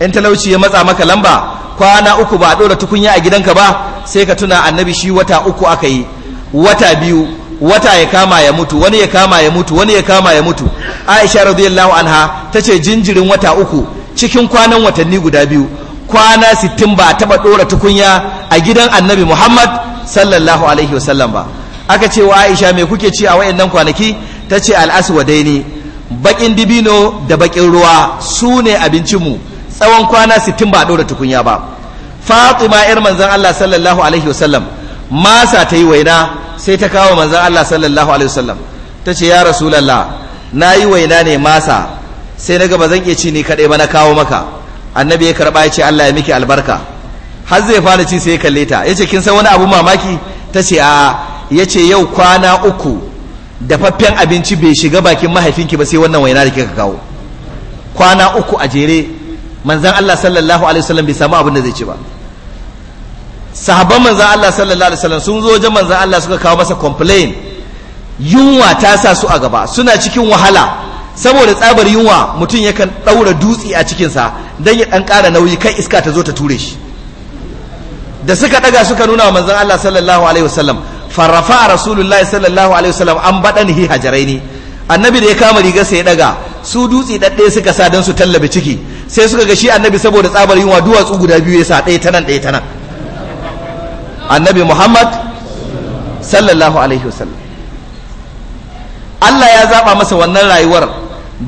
in talauci ya matsa maka lamba kwana uku ba a ɗora tukunya a gidanka ba sai ka tuna annabi shi wata uku aka yi wata biyu wata ya kama ya mutu wani ya kama ya mutu wani ya kama ya mutu aisha radiyallahu anha ta ce jinjirin wata uku cikin kwanan watanni guda biyu kwana sittin ba a taɓa ɗora tukunya a gidan annabi muhammad sallallahu alaihi wasallam ba aka ce wa aisha me kuke ci a wayannan kwanaki ta ce al'aswadaini bakin dibino da bakin ruwa su ne abincinmu tsawon kwana 60 ba ɗora tukunya ba fatima yar manzan Allah sallallahu alaihi wasallam masa ta yi waina sai ta kawo manzan Allah sallallahu alaihi wasallam ta ce ya rasulallah na yi waina ne masa sai na ba zan iya ci ni kaɗai ba na kawo maka annabi ya karɓa ya ce Allah ya miki albarka har zai fara ci sai ya kalle ta ya ce kin san wani abu mamaki ta ce a ya ce yau kwana uku dafaffen abinci bai shiga bakin mahaifinki ba sai wannan waina da kika kawo kwana uku a jere manzan Allah sallallahu alaihi wasallam bai samu abin da zai ci ba sahabban manzan Allah sallallahu alaihi wasallam sun zo wajen manzan Allah suka kawo masa complain yunwa ta sa su a gaba suna cikin wahala saboda tsabar yunwa mutum yakan ɗaura dutse a cikinsa don ya ɗan ƙara nauyi kai iska ta zo ta ture shi da suka ɗaga suka nuna wa manzan Allah sallallahu alaihi wasallam farrafa a rasulullahi sallallahu alaihi wasallam an badanihi hajaraini annabi da ya kama riga sai ya daga su dutse ɗaɗɗe suka sa don su tallabe ciki sai suka ga shi annabi saboda tsabar yunwa duwatsu guda biyu ya sa ɗaya ta nan ɗaya ta nan annabi muhammad sallallahu alaihi wasallam allah ya zaɓa masa wannan rayuwar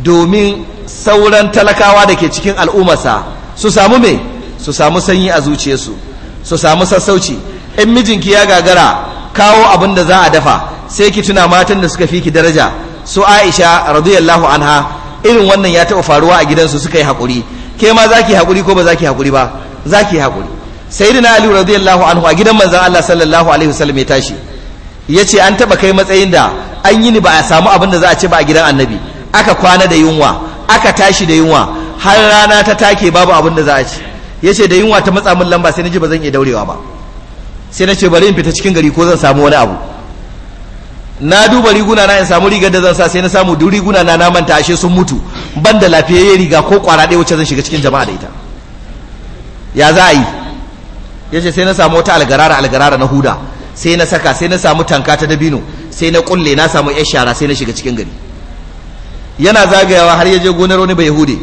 domin sauran talakawa da ke cikin al'ummarsa su samu me su samu sanyi a zuciyarsu su samu sassauci in mijinki ya gagara kawo abin da za a dafa sai ki tuna matan da suka fi ki daraja su aisha radiyallahu anha irin wannan ya taɓa faruwa a gidansu suka yi haƙuri ke ma za ki haƙuri ko ba za ki haƙuri ba za ki haƙuri dina ali radiyallahu anhu a gidan manzan allah sallallahu alaihi wasallam ya tashi ya ce an taɓa kai matsayin da an yi ni ba a samu abin da za a ci ba a gidan annabi aka kwana da yunwa aka tashi da yunwa har rana ta take babu abin da za a ci ya ce da yunwa ta matsa min lamba sai na ji ba zan iya daurewa ba sai na ce bari in fita cikin gari ko zan samu wani abu na duba riguna na in samu rigar da zan sa sai na samu duk riguna na na manta ashe sun mutu ban da lafiyayye riga ko kwara ɗaya wacce zan shiga cikin jama'a da ita ya za a yi ya ce sai na samu wata algarara algarara na huda sai na saka sai na samu tanka ta dabino sai na kulle na samu yar shara sai na shiga cikin gari yana zagayawa har ya je gonar wani bai hude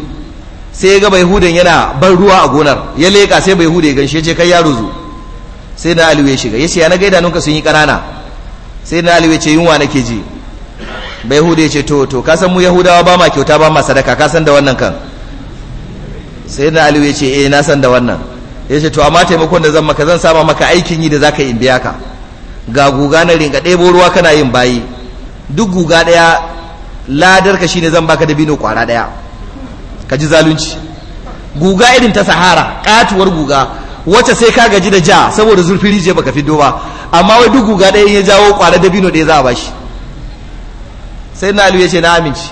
sai ya ga bai hudan yana ban ruwa a gonar ya leƙa sai bai hude ya ganshe ce kai yaro zo. sai na aliyu ya shiga ya ce yana na gaida nunka sun yi ƙanana sai na aliyu ya ce yunwa nake ji bai hudu ya ce to to ka san mu yahudawa ba ma kyauta ba ma sadaka ka san da wannan kan sai na aliyu ya ce eh na san da wannan ya ce to amma taimakon da zan maka zan sama maka aikin yi da za ka yi biya ka ga guga na ringa ɗaya ruwa kana yin bayi duk guga ɗaya ladarka shine zan baka da bino kwara ɗaya ka ji zalunci guga irin ta sahara katuwar guga wacce sai ka gaji da ja saboda zurfin rijiya baka fito ba amma wai duk guga ɗaya ya jawo kwara dabino ɗaya za a bashi sai na alu ya ce na aminci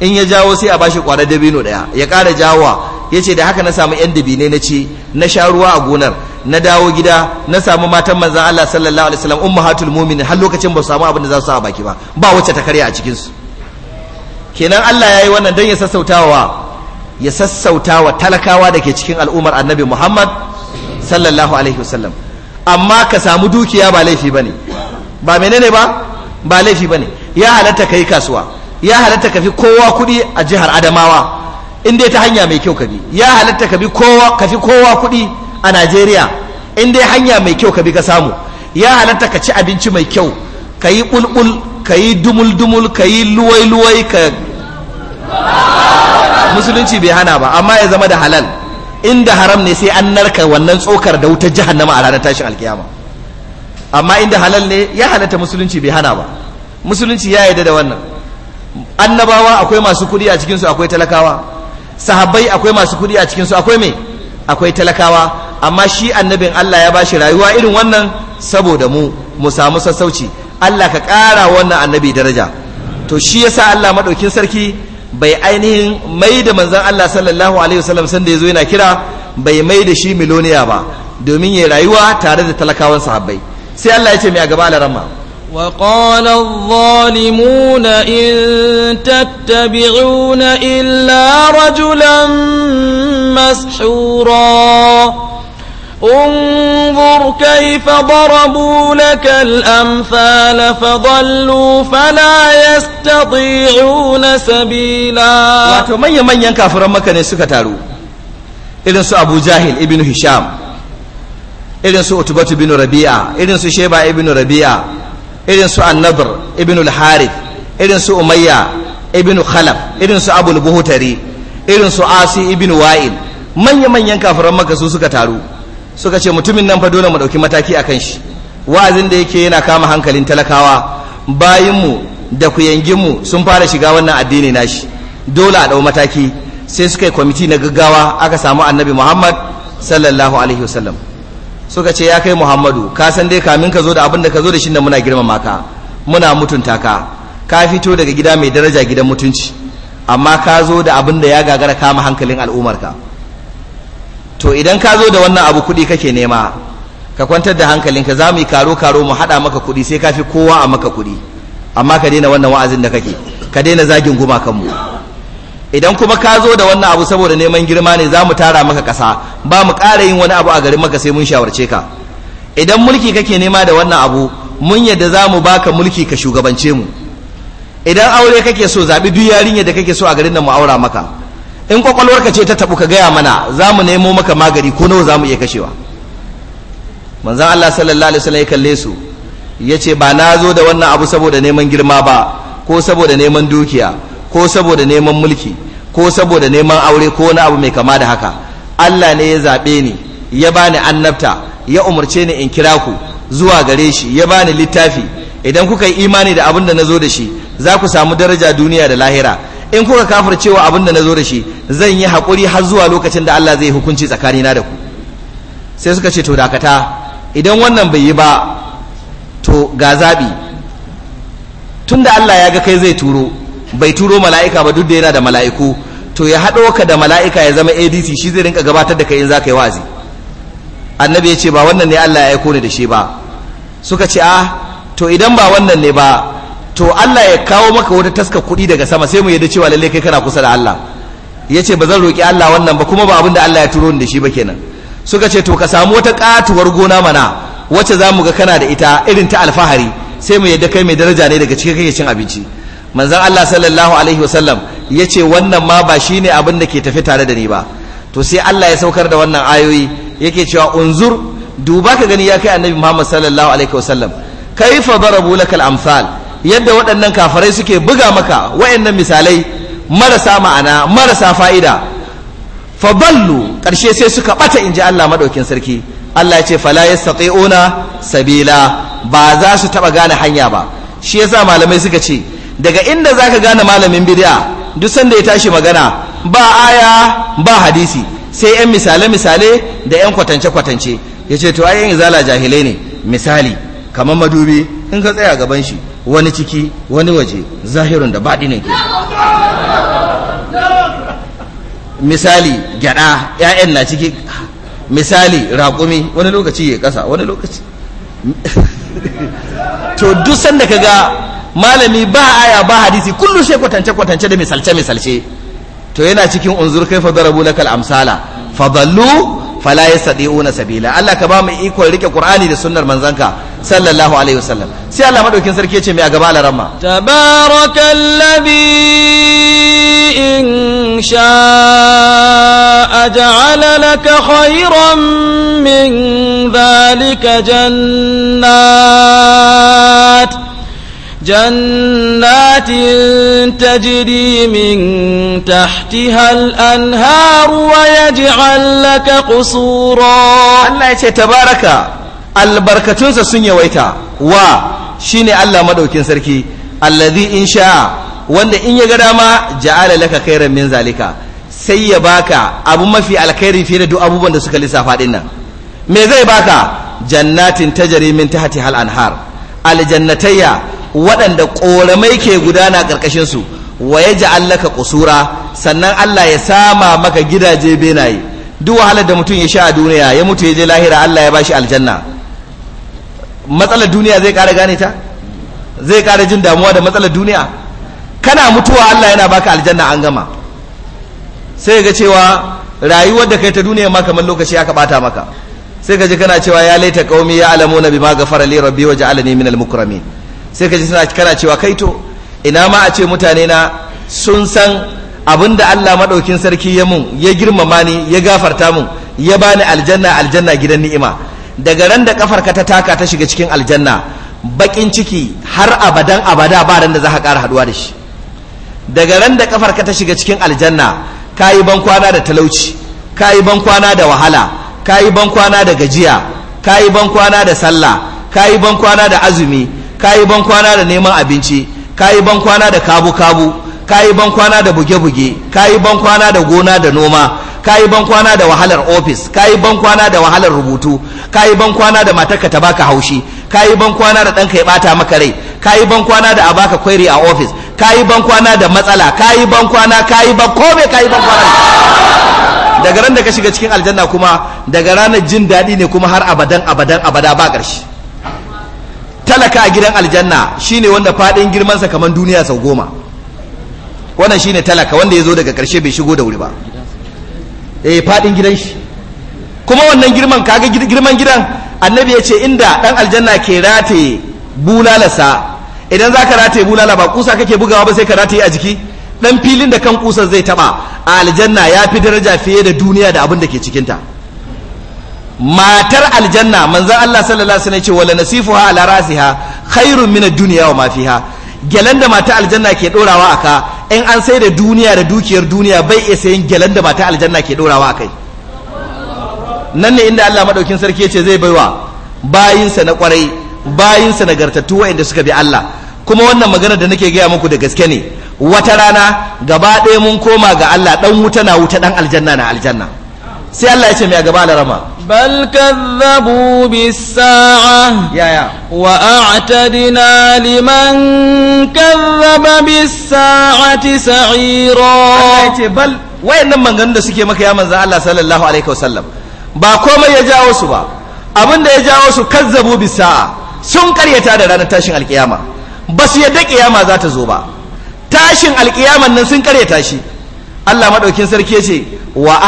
in ya jawo sai a bashi kwara dabino ɗaya ya ƙara jawowa ya ce da haka na samu yan dabine na ce na sha ruwa a gonar na dawo gida na samu matan manzan Allah sallallahu alaihi wasallam hatul mu'minin har lokacin ba su samu abin da za su sa a baki ba ba wacce ta karya a cikin su kenan Allah yayi wannan dan ya sassautawa ya sassautawa talakawa da ke cikin al'ummar Annabi Muhammad sallallahu alaihi wasallam amma ka samu dukiya ba laifi bane ba menene ba ba laifi bane ya halatta kai kasuwa ya halatta ka fi kowa kudi a jihar Adamawa in dai ta hanya mai kyau ka bi ya halatta ka bi kowa ka fi kowa kudi a Najeriya in dai hanya mai kyau ka bi ka samu ya halatta ka ci abinci mai kyau ka yi bulbul ka yi dumul dumul ka yi luwai luwai ka musulunci bai hana ba amma ya zama da halal inda haram ne sai an narka wannan tsokar da wutar jahannama a ranar tashin alkiyama amma inda halal ne ya halatta musulunci bai hana ba musulunci ya yarda da wannan annabawa akwai masu kuɗi a cikinsu akwai talakawa sahabbai akwai masu kuɗi a cikinsu akwai me akwai talakawa amma shi annabin Allah ya bashi rayuwa irin wannan saboda mu mu samu sassauci Allah ka ƙara wannan annabi daraja to shi yasa Allah maɗaukin sarki bai ainihin mai da manzan Allah sallallahu alaihi wasallam sanda ya zo yana kira bai mai da shi miloniya ba domin ya rayuwa tare da talakawan sahabbai sai Allah ya ce mai a gaba alarama وقال الظالمون إن تتبعون إلا رجلا مسحورا انظر كيف ضربوا لك الأمثال فضلوا فلا يستطيعون سبيلا wato manyan manyan kafiran maka ne suka taru irin su Abu Jahil ibn Hisham irin su Utbah ibn Rabi'a irin su Sheba ibn Rabi'a irin su An-Nadr ibn irin su Umayya ibinu Khalaf irin su Abu al-Buhtari irin su Asi ibinu Wa'il manyan manyan kafiran maka su suka taru suka ce mutumin nan fa dole mu ɗauki mataki a kan shi wa'azin da yake yana kama hankalin talakawa bayinmu da kuyanginmu sun fara shiga wannan addini nashi dole a ɗau mataki sai suka yi kwamiti na gaggawa aka samu annabi muhammad sallallahu alaihi wasallam suka ce ya kai muhammadu ka san dai kamin ka zo da abin da ka zo da shi da muna girmama ka muna mutunta ka ka fito daga gida mai daraja gidan mutunci amma ka zo da abin da ya gagara kama hankalin al'ummarka to idan ka zo da wannan abu kuɗi kake nema ka kwantar da hankalinka za mu yi karo karo mu haɗa maka kuɗi sai ka fi kowa a maka kuɗi amma ka daina wannan wa'azin da kake ka daina zagin gumakanmu idan kuma ka zo da wannan abu saboda neman girma ne za mu tara maka ƙasa ba mu ƙara yin wani abu a garin maka sai mun shawarce ka idan mulki kake nema da wannan abu mun yadda za mu baka mulki ka shugabance mu idan aure kake so zaɓi duk yarinyar da kake so a garin nan mu aura maka in ka ce ta tabu ka gaya mana za mu nemo maka magari ko nawa za mu iya kashewa manzan Allah sallallahu alaihi wasallam ya kalle su ya ce ba na zo da wannan abu saboda neman girma ba ko saboda neman dukiya ko saboda neman mulki ko saboda neman aure ko wani abu mai kama da haka Allah ne ya zaɓe ni ya bani annabta ya umarce ni in kira ku zuwa gare shi ya bani littafi idan kuka yi imani da abin da na zo da shi za ku samu daraja duniya da lahira in kuka cewa abin da na zo da shi zan yi haƙuri har zuwa lokacin da Allah zai hukunci tsakanina da ku sai suka ce to dakata idan wannan bai yi ba to ga zaɓi tun da Allah ya ga kai zai turo bai turo mala'ika ba duk da yana da mala'iku to ya haɗo ka da mala'ika ya zama adc shi zai rinka gabatar da kai in za ka yi wazi annabi ya ce ba wannan ne Allah ya aiko ni da shi ba suka ce a ah, to idan ba wannan ne ba to Allah ya kawo maka wata taska kuɗi daga sama sai mu yadda cewa lalle kai kana kusa da Allah ya ce ba zan roƙi Allah wannan ba kuma ba abin da Allah ya turo ni da shi ba kenan suka ce to ka samu wata katuwar gona mana wacce za mu ga kana da ita irin ta alfahari sai mu yadda kai mai daraja ne daga cikin kake cin abinci manzon Allah sallallahu alaihi wasallam ya ce wannan ma ba shi ne abin da ke tafi tare da ni ba to sai Allah ya saukar da wannan ayoyi yake cewa unzur duba ka gani ya kai annabi Muhammad sallallahu alaihi wasallam kaifa darabu lakal amsal yadda waɗannan kafarai suke buga maka wayannan misalai marasa ma'ana marasa fa'ida faballu ƙarshe sai suka ɓata in ji Allah maɗaukin sarki Allah ya ce fala ya ona sabila ba za su taɓa gane hanya ba shi yasa malamai suka ce daga inda za ka gane malamin bidiya duk sanda ya tashi magana ba aya ba hadisi sai yan misale-misale da yan kwatance-kwatance ya ce to ai yan izala jahilai ne misali kamar madubi in ka tsaya gaban shi wani ciki wani waje zahirun da baɗi ne ke misali gyada ƴaƴan na ciki misali raƙumi wani lokaci ya ƙasa wani lokaci [LAUGHS] to duk sanda ka ga malami ba aya ba hadisi kullum sai kwatance kwatance da misalce misalce to yana cikin unzur kai fadarabu na amsala fadallu fala yastadi'una sabila Allah ka ba mu ikon rike Qur'ani da sunnar manzanka sallallahu alaihi wasallam sai Allah madaukin sarki ce mai a gaba alaramma tabarakallazi in sha ajala laka khayran min dhalika jannat جنات تجري من تحتها الأنهار ويجعل لك قصورا الله يتي تبارك البركة سنية ويتا و شيني الله مدوكين سركي الذي إن شاء wanda in ya ga dama ja'ala kai khairan min zalika sai ya baka abu mafi alkhairi fiye da du abubuwan da suka lissafa din me zai baka jannatin tajri tahti hal anhar aljannatayya waɗanda ƙoramai ke gudana ƙarƙashin su wa ya ji allaka kusura sannan Allah ya sama maka gidaje benaye duk wahalar da mutum ya sha a duniya ya mutu ya je lahira Allah ya bashi aljanna matsalar duniya zai ƙara gane ta zai ƙara jin damuwa da matsalar duniya kana mutuwa Allah yana baka aljanna an gama sai ga cewa rayuwar da kai ta duniya ma kamar lokaci aka bata maka sai ka ji kana cewa ya laita qaumi ya alamuna bima gafara li rabbi wa ja'alani minal mukramin sai ka ji suna kana cewa kai to ina ma a ce mutane na sun san abin da Allah maɗaukin sarki ya mun ya girmama ni ya gafarta mun ya bani aljanna aljanna gidan ni'ima daga ran da kafarka ta taka ta shiga cikin aljanna bakin ciki har abadan abada ba ran da za ka ƙara haduwa da shi daga ran da ka ta shiga cikin aljanna ka yi bankwana da talauci ka yi bankwana da wahala ka yi bankwana da gajiya ka yi bankwana da sallah ka yi bankwana da azumi ka yi bankwana da neman abinci ka yi bankwana da kabu-kabu ka yi bankwana da buge-buge ka yi bankwana da gona da noma ka yi bankwana da wahalar ofis ka yi bankwana da wahalar rubutu ka yi bankwana da ka ta baka haushi ka yi bankwana da ɗanka ya bata maka rai ka yi bankwana da a baka kwairi a ofis ka yi bankwana da matsala ka yi bankwana ka yi ban kome kayi ban bankwana daga ran da ka shiga cikin aljanna kuma daga ranar jin daɗi ne kuma har abadan abadan abada ba ƙarshe talaka a gidan aljanna shine wanda fadin girmansa kamar duniya sau goma wannan shine talaka wanda ya zo daga ƙarshe bai shigo da wuri ba eh faɗin gidan shi kuma wannan girman kaga girman gidan annabi ya ce inda dan aljanna ke rataye bulalasa idan za ka rataye bulala ba kusa kake bugawa ba sai ka rataye a jiki dan filin da kan kusa zai taba a aljanna ya fi daraja fiye da duniya da abin da ke cikinta matar aljanna manzan Allah sallallahu alaihi wasallam ce wala nasifuha ala rasiha khairun min ad-dunya wa ma fiha gyalan da mata aljanna ke dorawa aka in an sai da duniya da dukiyar duniya bai iya sayin gyalan da mata aljanna ke dorawa akai nan ne inda Allah madaukin sarki ya ce zai baiwa bayinsa na kwarai bayinsa gartattu waɗanda suka bi Allah kuma wannan magana da nake gaya muku da gaske ne wata rana gaba ɗaya mun koma ga Allah dan wuta na wuta dan aljanna na aljanna sai Allah ya ce mai a gaba rama. بل كذبوا بالساعة يا يا وأعتدنا لمن كذب بالساعة سعيرا بل وين من غند سكي مكي يا الله صلى الله عليه وسلم ba komai ya jawo su ba abin da ya jawo su kazzabu sa'a sun karyata da ranar tashin alkiyama ba su yadda kiyama za ta zo ba tashin alƙiyaman nan sun karyata shi Allah maɗaukin sarki ce wa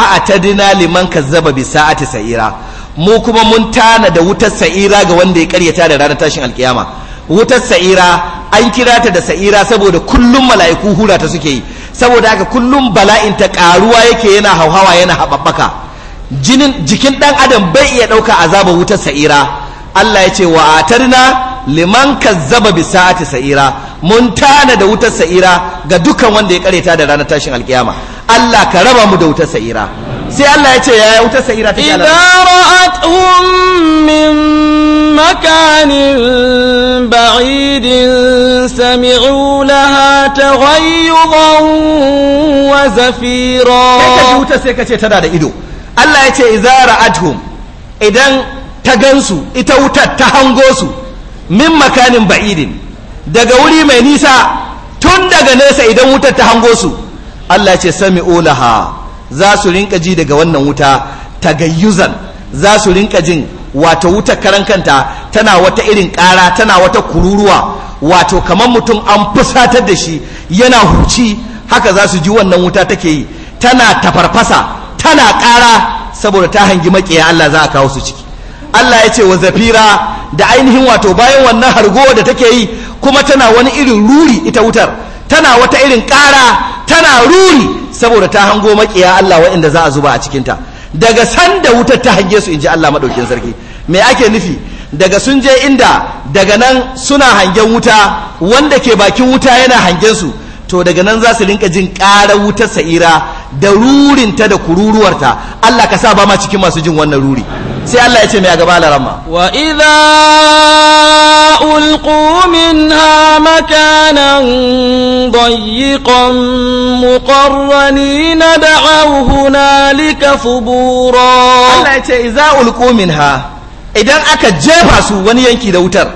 dina liman kazzaba bi sa'ati sa'ira mu kuma mun tana da wutar sa'ira ga wanda ya karyata da ranar tashin alkiyama wutar sa'ira an kira ta da sa'ira saboda kullum mala'iku hura ta suke yi saboda haka kullum bala'in ta karuwa yake yana hauhawa yana haɓaɓɓaka jinin jikin dan adam bai iya ɗauka azabar wutar sa'ira Allah ya ce wa dina. liman kazzaba bi sa'ati sa'ira mun tana da wutar sa'ira ga dukan wanda ya kareta da ranar tashin alkiyama Allah ka raba mu da wutar sa'ira sai Allah ya ce yaya wutar sa'ira ta kala ra'atuhum min makanin ba'idin sami'u laha taghayyudan wa zafira kai ka sai ka ce tana da ido Allah ya ce idza hum idan ta gansu ita wutar ta hango su min makanin ba'idin daga wuri mai nisa tun daga nesa idan wutar ta hango su Allah ce sami olaha za su rinka ji daga wannan wuta ta gayyuzan za su rinka jin wato wutar karan kanta tana wata irin ƙara tana wata kururuwa wato kamar mutum an fusatar da shi yana huci haka za su ji wannan wuta take yi tana tafarfasa tana ƙara saboda ta hangi maƙiya Allah za a kawo su ciki Allah ya ce wa zafira da ainihin wato bayan wannan hargo da take yi kuma tana wani irin ruri ita wutar tana wata irin ƙara tana ruri saboda ta hango makiya Allah waɗanda za a zuba a cikinta daga sanda wutar ta hange su in ji Allah maɗaukin sarki me ake nufi daga sun je inda daga nan suna hangen wuta wanda ke bakin wuta yana hangen su to daga nan za su rinka jin ƙarar wutar sa'ira da rurinta da kururuwarta Allah ka sa ba ma cikin masu jin wannan ruri sai Allah ya ce mai a gaba rama wa idza ulqu minha makanan dayyiqan muqarranin da'aw hunalika fubura Allah ya ce idza ulqu minha idan aka jefa su wani yanki da wutar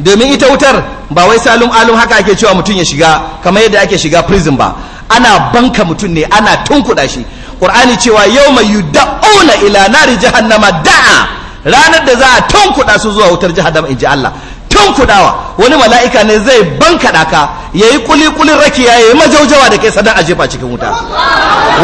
domin ita wutar ba wai salum alum haka ake cewa mutum ya shiga kamar yadda ake shiga prison ba ana banka mutum ne ana tunkuɗa shi ƙur'ani cewa yau mai yuda'una ila nari jahannama da'a ranar da za a tunkuɗa su zuwa wutar jahannama in ji Allah tunkuɗawa wani mala'ika ne zai banka ɗaka ya yi ƙuliƙulin rakiya ya yi majaujawa da kai sadan a jefa cikin wuta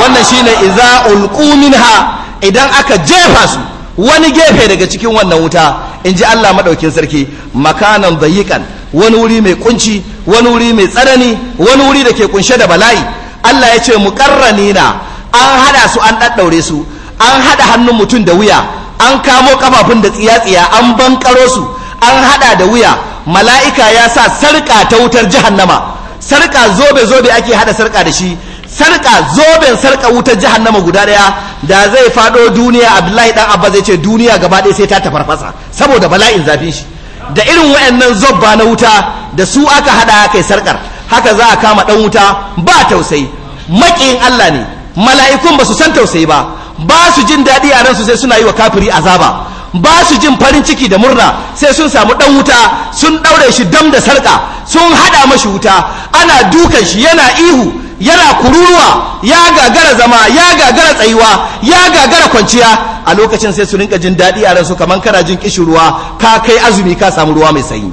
wannan shine iza ulƙumin ha idan aka jefa su wani gefe daga cikin wannan wuta in ji Allah maɗaukin sarki makanan dayiƙan wani wuri mai kunci wani wuri mai tsanani wani wuri da ke kunshe da bala'i Allah ya ce na an hada su an ɗaɗɗaure su an hada hannun mutum da wuya an kamo kafafun da tsiya-tsiya an bankaro su an hada da wuya mala'ika ya sa sarƙa ta wutar jahannama sarƙa zobe-zobe ake hada sarƙa da shi sarƙa zoben sarƙa wutar jahannama guda daya da zai fado duniya abdullahi dan abba zai ce duniya gaba ɗaya sai ta tafarfasa saboda bala'in zafin shi da irin wa'annan zobba na wuta da su aka hada kai sarkar haka za a kama dan wuta ba tausayi makiyin Allah ne mala'ikun ba su san tausayi ba ba su jin daɗi a ransu sai suna yi wa kafiri azaba ba su jin farin ciki da murna sai sun samu dan wuta sun ɗaure shi dam da sarka sun hada mashi wuta ana dukan shi yana ihu yana kururuwa ya gagara zama ya gagara tsayuwa ya gagara kwanciya a lokacin sai su rinka jin daɗi a ransu kamar kana jin ƙishirwa ka kai azumi ka samu ruwa mai sanyi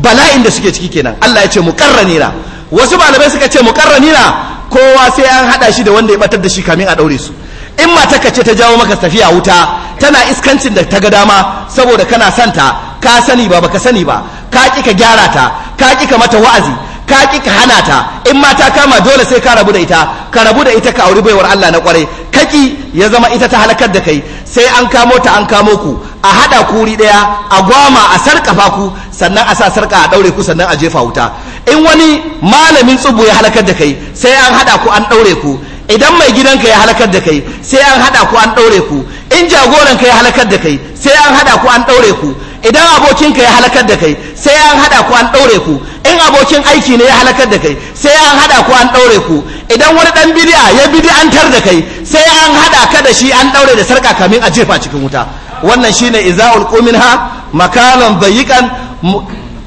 bala'in da suke ciki kenan Allah ya ce mu karranira wasu malamai suka ce mu muqarranina kowa sai an haɗa shi da wanda ya batar da shi kamin a ɗaure su in matarka ce ta jawo maka tafiya wuta tana iskancin da ta ga dama saboda kana santa ka sani ba baka sani ba ka ƙi ka gyara ta ka ƙi ka mata wa'azi ka ki ka hana ta in ma ta kama dole sai ka rabu da ita ka rabu da ita ka auri baiwar Allah na kwarai kaki ya zama ita ta halakar da kai sai an kamo ta an kamo ku a hada kuri daya a gwama a sarkafa ku sannan a sa sarka a daure ku sannan a jefa wuta in wani malamin tsubu ya halakar da kai sai an hada ku an daure ku idan mai gidanka ya halakar da kai sai an hada ku an daure ku in jagoran ka ya halakar da kai sai an hada ku an daure ku idan abokinka ya halakar da kai sai an hada ku an daure ku in abokin aiki ne ya halakar da kai sai an hada ku an daure ku idan wani dan bid'a ya bid'antar da kai sai an hada ka da shi an daure da sarka kamin a jefa cikin wuta wannan shine iza'ul quminha makanan bayyikan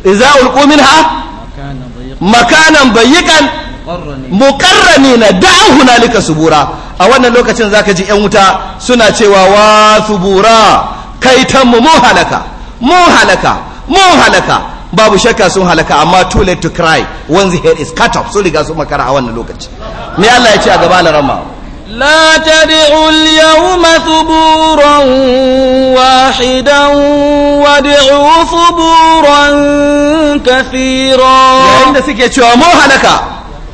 iza'ul quminha makanan bayyikan muqarranina da'u hunalika subura a wannan lokacin zaka ji yan wuta suna cewa wa subura kaitan mu mu halaka mun halaka mun halaka babu shakka sun halaka amma too late to cry once the head is cut off sun riga sun makara a wannan lokaci me Allah ya ce a gaba alarama لا تدعوا اليوم ثبورا واحدا وادعوا ثبورا كثيرا yayin da suke cewa mu halaka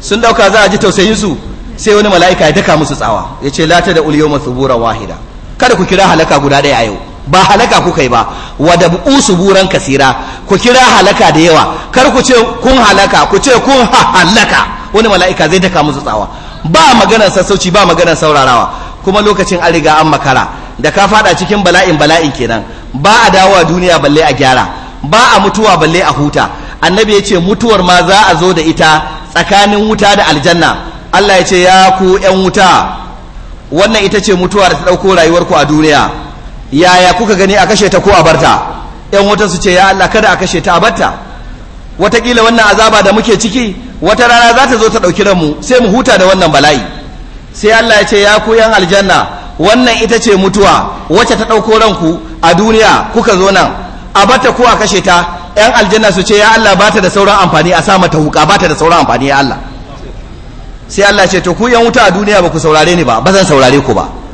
sun dauka za a ji tausayin su sai wani mala'ika ya daka musu tsawa yace la tad'u al-yawma thubura wahida kada ku kira halaka guda daya a yau ba halaka kuka yi ba wada bu suburan kasira ku kira halaka da yawa kar ku ce kun halaka ku ce kun ha halaka wani mala'ika zai taka musu tsawa ba maganar sassauci ba maganar saurarawa kuma lokacin an riga an makara da ka fada cikin bala'in bala'in kenan ba a dawowa duniya balle a gyara ba a mutuwa balle a huta annabi ya ce mutuwar ma za a zo da ita tsakanin wuta da aljanna Allah ya ce ya ku 'yan wuta wannan ita ce mutuwa da ta ɗauko rayuwarku a duniya yaya kuka gani a kashe ta ko a barta yan wuta su ce ya Allah kada a kashe ta a barta watakila wannan azaba da muke ciki wata rana za ta zo ta ɗauki ranmu sai mu huta da wannan bala'i sai Allah ya ce ya ku yan aljanna wannan ita ce mutuwa wacce ta ɗauko ranku a duniya kuka zo nan a barta ko a kashe ta yan aljanna su ce ya Allah ba ta da sauran amfani a sa mata huka ba ta da sauran amfani ya Allah sai Allah ya ce to ku yan wuta a duniya ba ku saurare ni ba ba zan saurare ku ba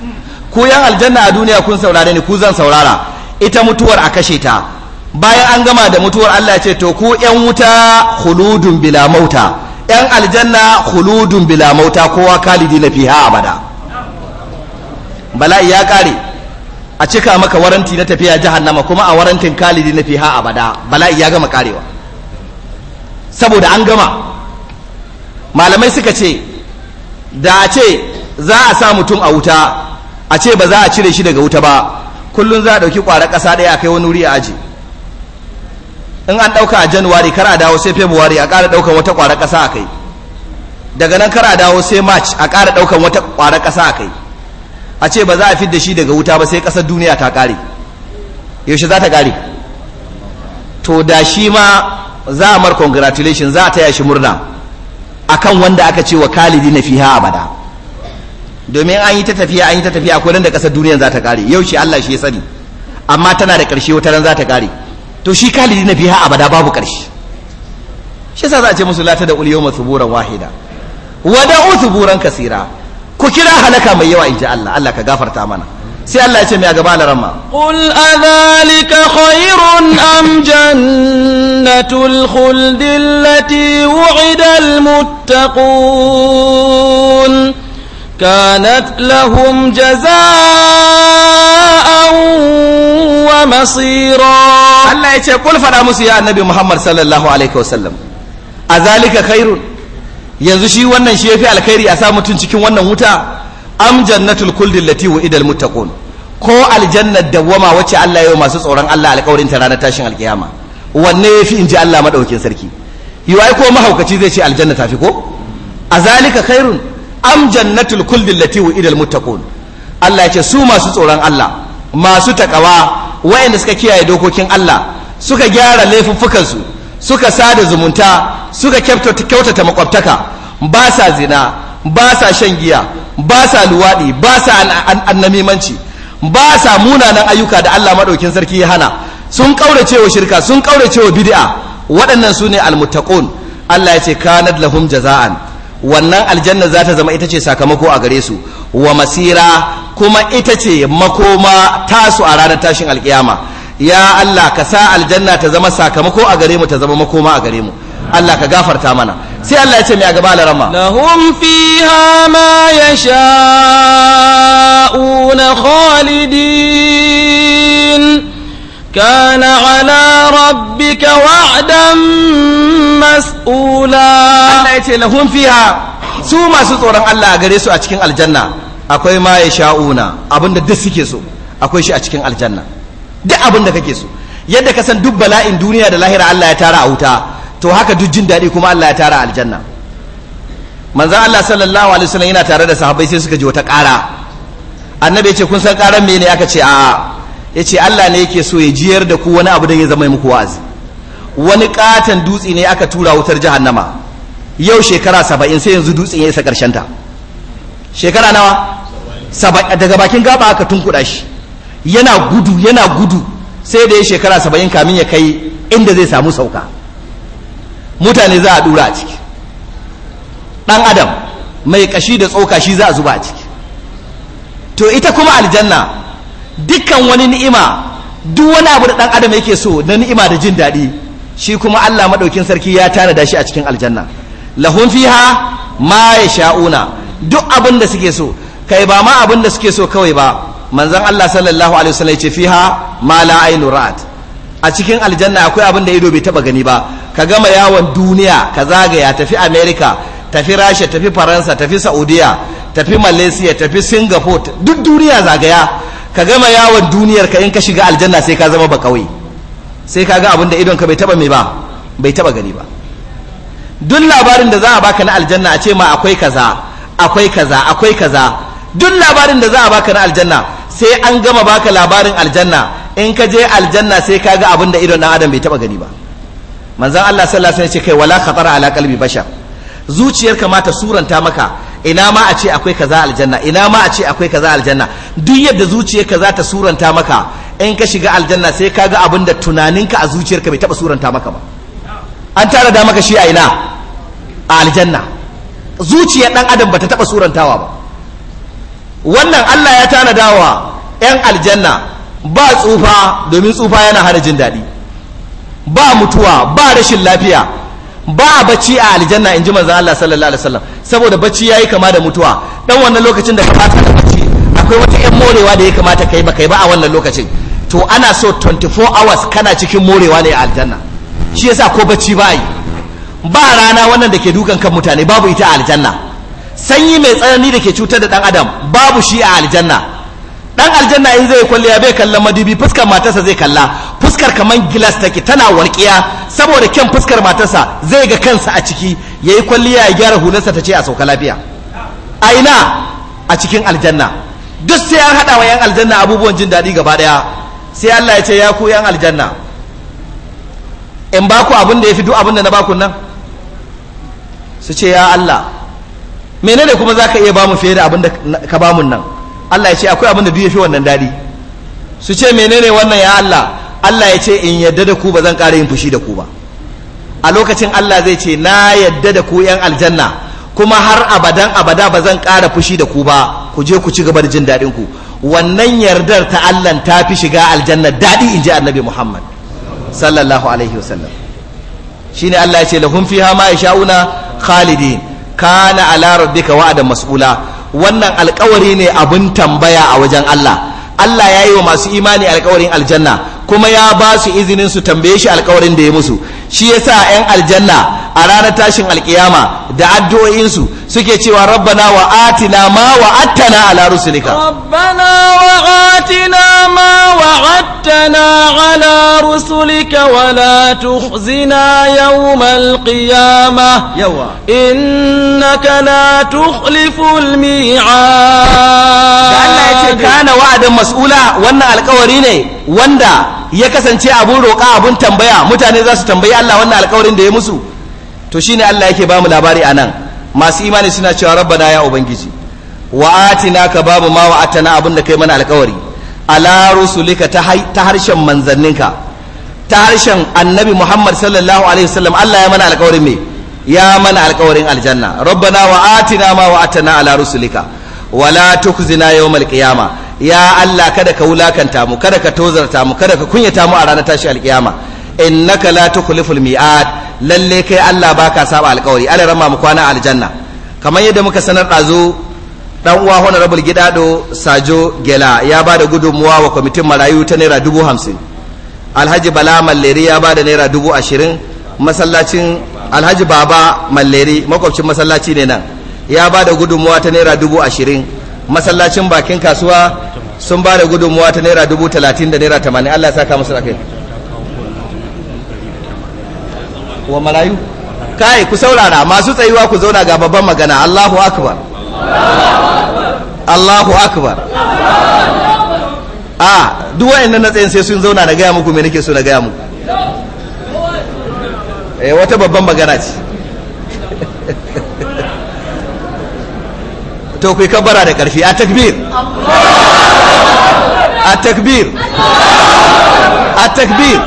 ku yan aljanna a duniya kun saurare ni ku zan saurara ita mutuwar a kashe ta bayan an gama da mutuwar Allah ce to ku yan wuta khuludun bila mauta yan aljanna khuludun bila mauta kowa kalidi na fiha abada bala'i ya kare a cika maka waranti na tafiya jahannama kuma a warantin kalidi na fiha abada bala'i ya gama karewa saboda an gama malamai suka ce da a ce za a sa mutum a wuta a ce ba za a cire shi daga wuta ba kullum za a ɗauki ƙwarar ƙasa ɗaya a kai wani wuri a aji in an ɗauka a januwari kar a dawo sai february a ƙara ɗaukan wata ƙwarar ƙasa a kai daga nan kar a dawo sai march a ƙara ɗaukan wata ƙwarar ƙasa a kai a ce ba za a fidda shi daga wuta ba sai ƙasar duniya ta ƙare yaushe za ta ƙare to da shi ma za a mar congratulation za a taya shi murna akan wanda aka ce wa kalidi na fiha abada domin an yi ta tafiya an yi ta tafiya akwai da ƙasar duniyar za ta kare yau shi Allah shi ya sani amma tana da ƙarshe wata ran za ta kare to shi kalidi na fiha abada babu ƙarshe shi yasa za a ce musu lata da uliyoma suburan wahida wada'u suburan kasira ku kira halaka mai yawa in ji Allah Allah ka gafarta mana sai Allah ya ce mai a gaba da rama. Ƙul a zalika khairun am jannatul khuldillati wu'idal muttaqun كانت لهم جزاء ومصيرا الله يتي قل فدا musu ya annabi Muhammad sallallahu alaihi وسلم azalika خير yanzu shi wannan shi yafi alkhairi a sa mutun cikin wannan wuta am jannatul idan allati wa'ida muttaqun ko aljannat dawwama wacce Allah yayi masu tsoron Allah alƙawarin ta ranar tashin alkiyama wanne yafi inji Allah madaukin sarki wai ko mahaukaci zai ce aljanna tafi ko azalika khairun am jannatul kulli lati wa'ida muttaqun Allah yace su masu tsoron Allah masu takawa wayanda suka kiyaye dokokin Allah suka gyara laifuffukan su suka sada zumunta suka kyautata makwabtaka ba sa zina ba sa shan giya ba sa luwaɗi ba sa annamimanci ba sa munanan ayyuka da Allah maɗaukin sarki ya hana sun ƙaurace wa shirka sun ƙaurace wa bid'a waɗannan sune ne almuttaqun Allah yace ce lahum jaza'an wannan aljanna za ta zama ita ce sakamako a gare su wa masira kuma ita ce makoma tasu a ranar tashin alkiyama ya Allah ka sa aljanna ta zama sakamako a gare mu ta zama makoma a gare mu Allah ka gafarta mana sai Allah ya ce mai a gaba larama lahum fiha ma yasha'una khalidin كان على ربك وعدا مسؤولا Allah يتي لهم فيها su masu tsoron Allah a gare su a cikin aljanna akwai ma ya sha'una abinda duk suke so akwai shi a cikin aljanna duk abinda kake so yadda ka san duk bala'in duniya da lahira Allah ya tara a wuta to haka duk jin daɗi kuma Allah ya tara aljanna manzan Allah sallallahu alaihi wasallam yana tare da sahabbai sai suka ji wata ƙara annabi ya ce kun san ƙaran me ne aka ce a'a ya ce Allah ne yake so ya jiyar da ku wani abu da ya zama muku wa'azi wani katon dutse ne aka tura wutar jahannama yau shekara saba'in sai yanzu dutsen ya isa ƙarshen ta shekara nawa daga bakin gaba aka tunkuɗa shi yana gudu yana gudu sai da ya shekara saba'in kamin ya kai inda zai samu sauka mutane za a ɗura a ciki ɗan adam mai ƙashi da tsoka shi za a zuba a ciki to ita kuma aljanna dukkan wani ni'ima duk wani abu da dan adam yake so na ni'ima da jin daɗi shi kuma Allah madaukin sarki ya tana tanada shi a cikin aljanna lahum fiha ma yasha'una duk abin da suke so kai ba ma abin da suke so kawai ba manzon Allah sallallahu alaihi wasallam ce fiha ma la aynu ra'at a cikin aljanna akwai abin da ido bai taba gani ba ka gama yawon duniya ka zagaya tafi America tafi Rasha tafi Faransa tafi Saudiya tafi Malaysia tafi Singapore duk duniya zagaya ka gama yawon duniyar ka in ka shiga aljanna sai ka zama ba kawai sai ka ga abin da idon ka bai taba mai ba bai taba gani ba duk labarin da za a baka na aljanna a ce ma akwai kaza akwai kaza akwai kaza duk labarin da za a baka na aljanna sai an gama baka labarin aljanna in ka je aljanna sai ka ga abin da idon dan adam bai taba gani ba manzon Allah sallallahu alaihi wasallam ya ce kai wala khatara ala qalbi bashar zuciyarka ma ta suranta maka ina ma a ce akwai kaza aljanna ina ma a ce akwai kaza aljanna duk yadda zuciyarka za ta suranta maka in ka shiga aljanna sai ka ga abin da tunaninka a zuciyarka bai taba suranta maka ba an tara da maka shi a ina a aljanna zuciyar dan adam bata taba surantawa ba wannan Allah ya wa yan aljanna ba tsufa domin tsufa yana hana jin daɗi ba mutuwa ba rashin lafiya ba bacci a aljanna inji manzon Allah sallallahu alaihi wasallam saboda bacci yayi kama da mutuwa dan wannan lokacin da ka fata da bacci akwai wata yan morewa da ya kamata kai ba kai ba a wannan lokacin to ana so 24 hours kana cikin morewa ne a aljanna shi yasa ko bacci ba yi ba rana wannan da ke dukan kan mutane babu ita a aljanna sanyi mai tsanani da ke cutar da dan adam babu shi a aljanna dan aljanna in zai kwalliya bai kallon madubi fuskar matarsa zai kalla fuskar kaman gilas take tana walƙiya saboda kyan fuskar matarsa zai ga kansa a ciki yayi kwalliya ya gyara hularsa ta ce a sauka lafiya a ina a cikin aljanna duk sai an haɗa wa 'yan aljanna abubuwan jin daɗi gaba ɗaya sai Allah ya ce ya ku 'yan aljanna in ba ku abin da ya fi duk abin da na ba ku nan su ce ya Allah menene kuma za ka iya ba mu fiye da abin da ka ba mu nan Allah ya ce akwai abin da duk ya fi wannan daɗi su ce menene wannan ya Allah Allah ya ce in yadda da ku ba zan ƙara yin fushi da ku ba a lokacin Allah zai ce na yadda da ku yan aljanna kuma har abadan abada ba zan ƙara fushi da ku ba ku je ku ci gaba da jin daɗin ku wannan yardar ta Allah ta fi shiga aljanna daɗi in ji annabi Muhammad sallallahu alaihi wasallam shine Allah ya ce lahum fiha ma yasha'una khalidin kana ala rabbika wa'adan mas'ula wannan alkawari ne abin tambaya a wajen Allah Allah ya yi wa masu imani alkawarin aljanna kuma ya ba su izinin su tambaye shi alƙawarin da ya musu shi yasa 'yan aljanna a ranar tashin alkiyama da addu'o'insu suke cewa rabbana wa atina ma wa attana ala rusulika rabbana wa atina ma wa attana ala rusulika wa la tukhzina yawmal qiyamah yawa innaka la tukhliful mi'ad Allah ya ce kana wa'adan mas'ula wannan alkawari ne wanda ya kasance abun roƙa abun tambaya mutane za su tambayi Allah wannan alƙawarin da ya musu to shine Allah yake ba mu labari a nan masu imani suna cewa rabbana ya ubangiji wa atina ka babu ma wa atana abin da kai mana alƙawari ala rusulika ta harshen manzanninka ta harshen annabi Muhammad sallallahu alaihi wasallam Allah ya mana alƙawarin me ya mana alƙawarin aljanna rabbana wa atina ma wa atana ala rusulika wala tukhzina yawmal qiyamah ya Allah kada ka wulakanta mu kada ka tozarta mu kada ka kunyata mu a ranar tashi alkiyama innaka la tukhliful mi'ad lalle kai Allah baka saba alkawari Allah rama mu kwana aljanna kamar yadda muka sanar dazo dan uwa rabul gidado sajo gela ya ba gudunmuwa wa kwamitin marayu ta naira dubu alhaji bala malleri ya ba naira dubu masallacin alhaji baba malleri makwabcin masallaci ne nan ya bada da gudunmuwa ta naira dubu ashirin masallacin bakin kasuwa sun ba da gudunmuwa ta naira dubu talatin da naira tamanin allah ya saka musu akai wa marayu kai ku saurara masu tsayuwa ku zauna ga babban magana allahu akbar allahu akbar a duk inda na tsayin sai sun zauna na gaya muku me nake so na gaya muku eh, wata babban magana ce to ku kabbara da ƙarfi a takbir a takbir a takbir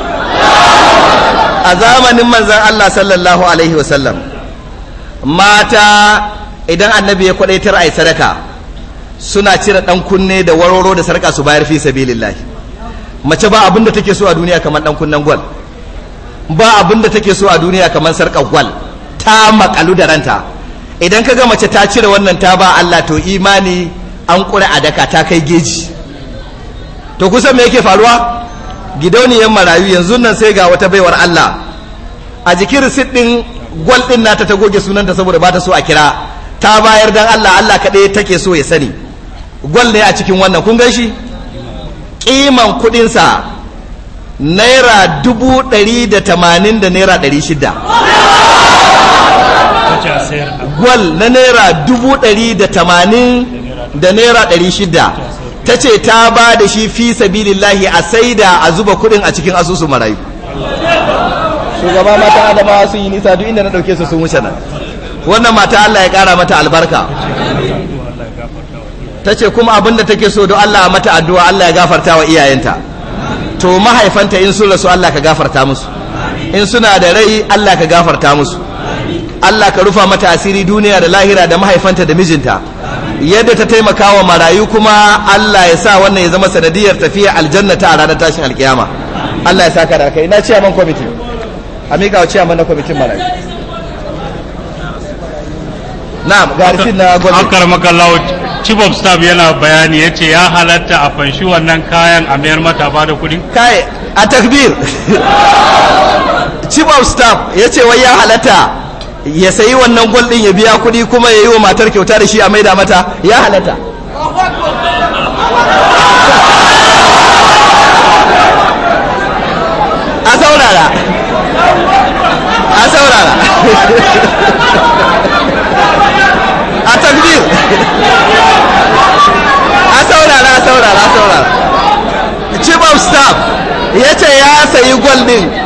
a zamanin manzan Allah sallallahu alaihi wasallam mata idan annabi ya kwadaitar a sadaka suna cire ɗan kunne da waroro da sarƙa su bayar fi lillahi mace ba abinda take so a duniya kamar ɗan kunnen gwal ba abinda take so a duniya kamar sarƙar gwal ta makalu da ranta idan ka ga mace ta cire wannan ta ba Allah to imani an ƙura a daka ta kai geji to kusan me yake faruwa gidauniyar marayu yanzu nan sai ga wata baiwar Allah a jikin risit ɗin gwal ɗin nata ta goge sunanta saboda ba ta so a kira ta bayar dan Allah Allah kaɗai take so ya sani gwal ne a cikin wannan kun gan shi ƙiman kuɗinsa naira dubu ɗari da tamanin da naira ɗari shida gwal na naira dubu ɗari da tamanin da naira ɗari shida ta ce ta ba da shi fi sabilillahi a saida a zuba kuɗin a cikin asusu marayu shugaba mata adama sun yi nisa duk inda na dauke su sun wuce nan wannan mata Allah ya kara mata albarka ta ce kuma abin da take so don Allah mata addu'a Allah ya gafarta wa iyayenta to mahaifanta in sun rasu Allah ka gafarta musu in suna da rai Allah ka gafarta musu Allah ka rufa mata asiri duniya da lahira da mahaifanta da mijinta yadda ta taimaka wa marayu kuma Allah ya sa wannan ya zama sanadiyar tafiya aljanna ta a ranar tashin alkiyama Allah ya sa ka da kai na ciyaman kwamiti a miƙa wa ciyaman na kwamitin marayu na'am ga rufin na gwamnati akar makallawo chief of staff yana bayani ya ce ya halatta a fanshi wannan kayan a mayar mata ba da kuɗi kai a takbir [LAUGHS] chief of staff ya ce wai ya halatta ya sayi wannan gwal din ya biya kuɗi kuma ya yi wa matar kyauta da shi a maida mata ya halatta a saurara a saurara a takbir a saurara a saurara a saurara chief of staff ya ce ya sayi gwal din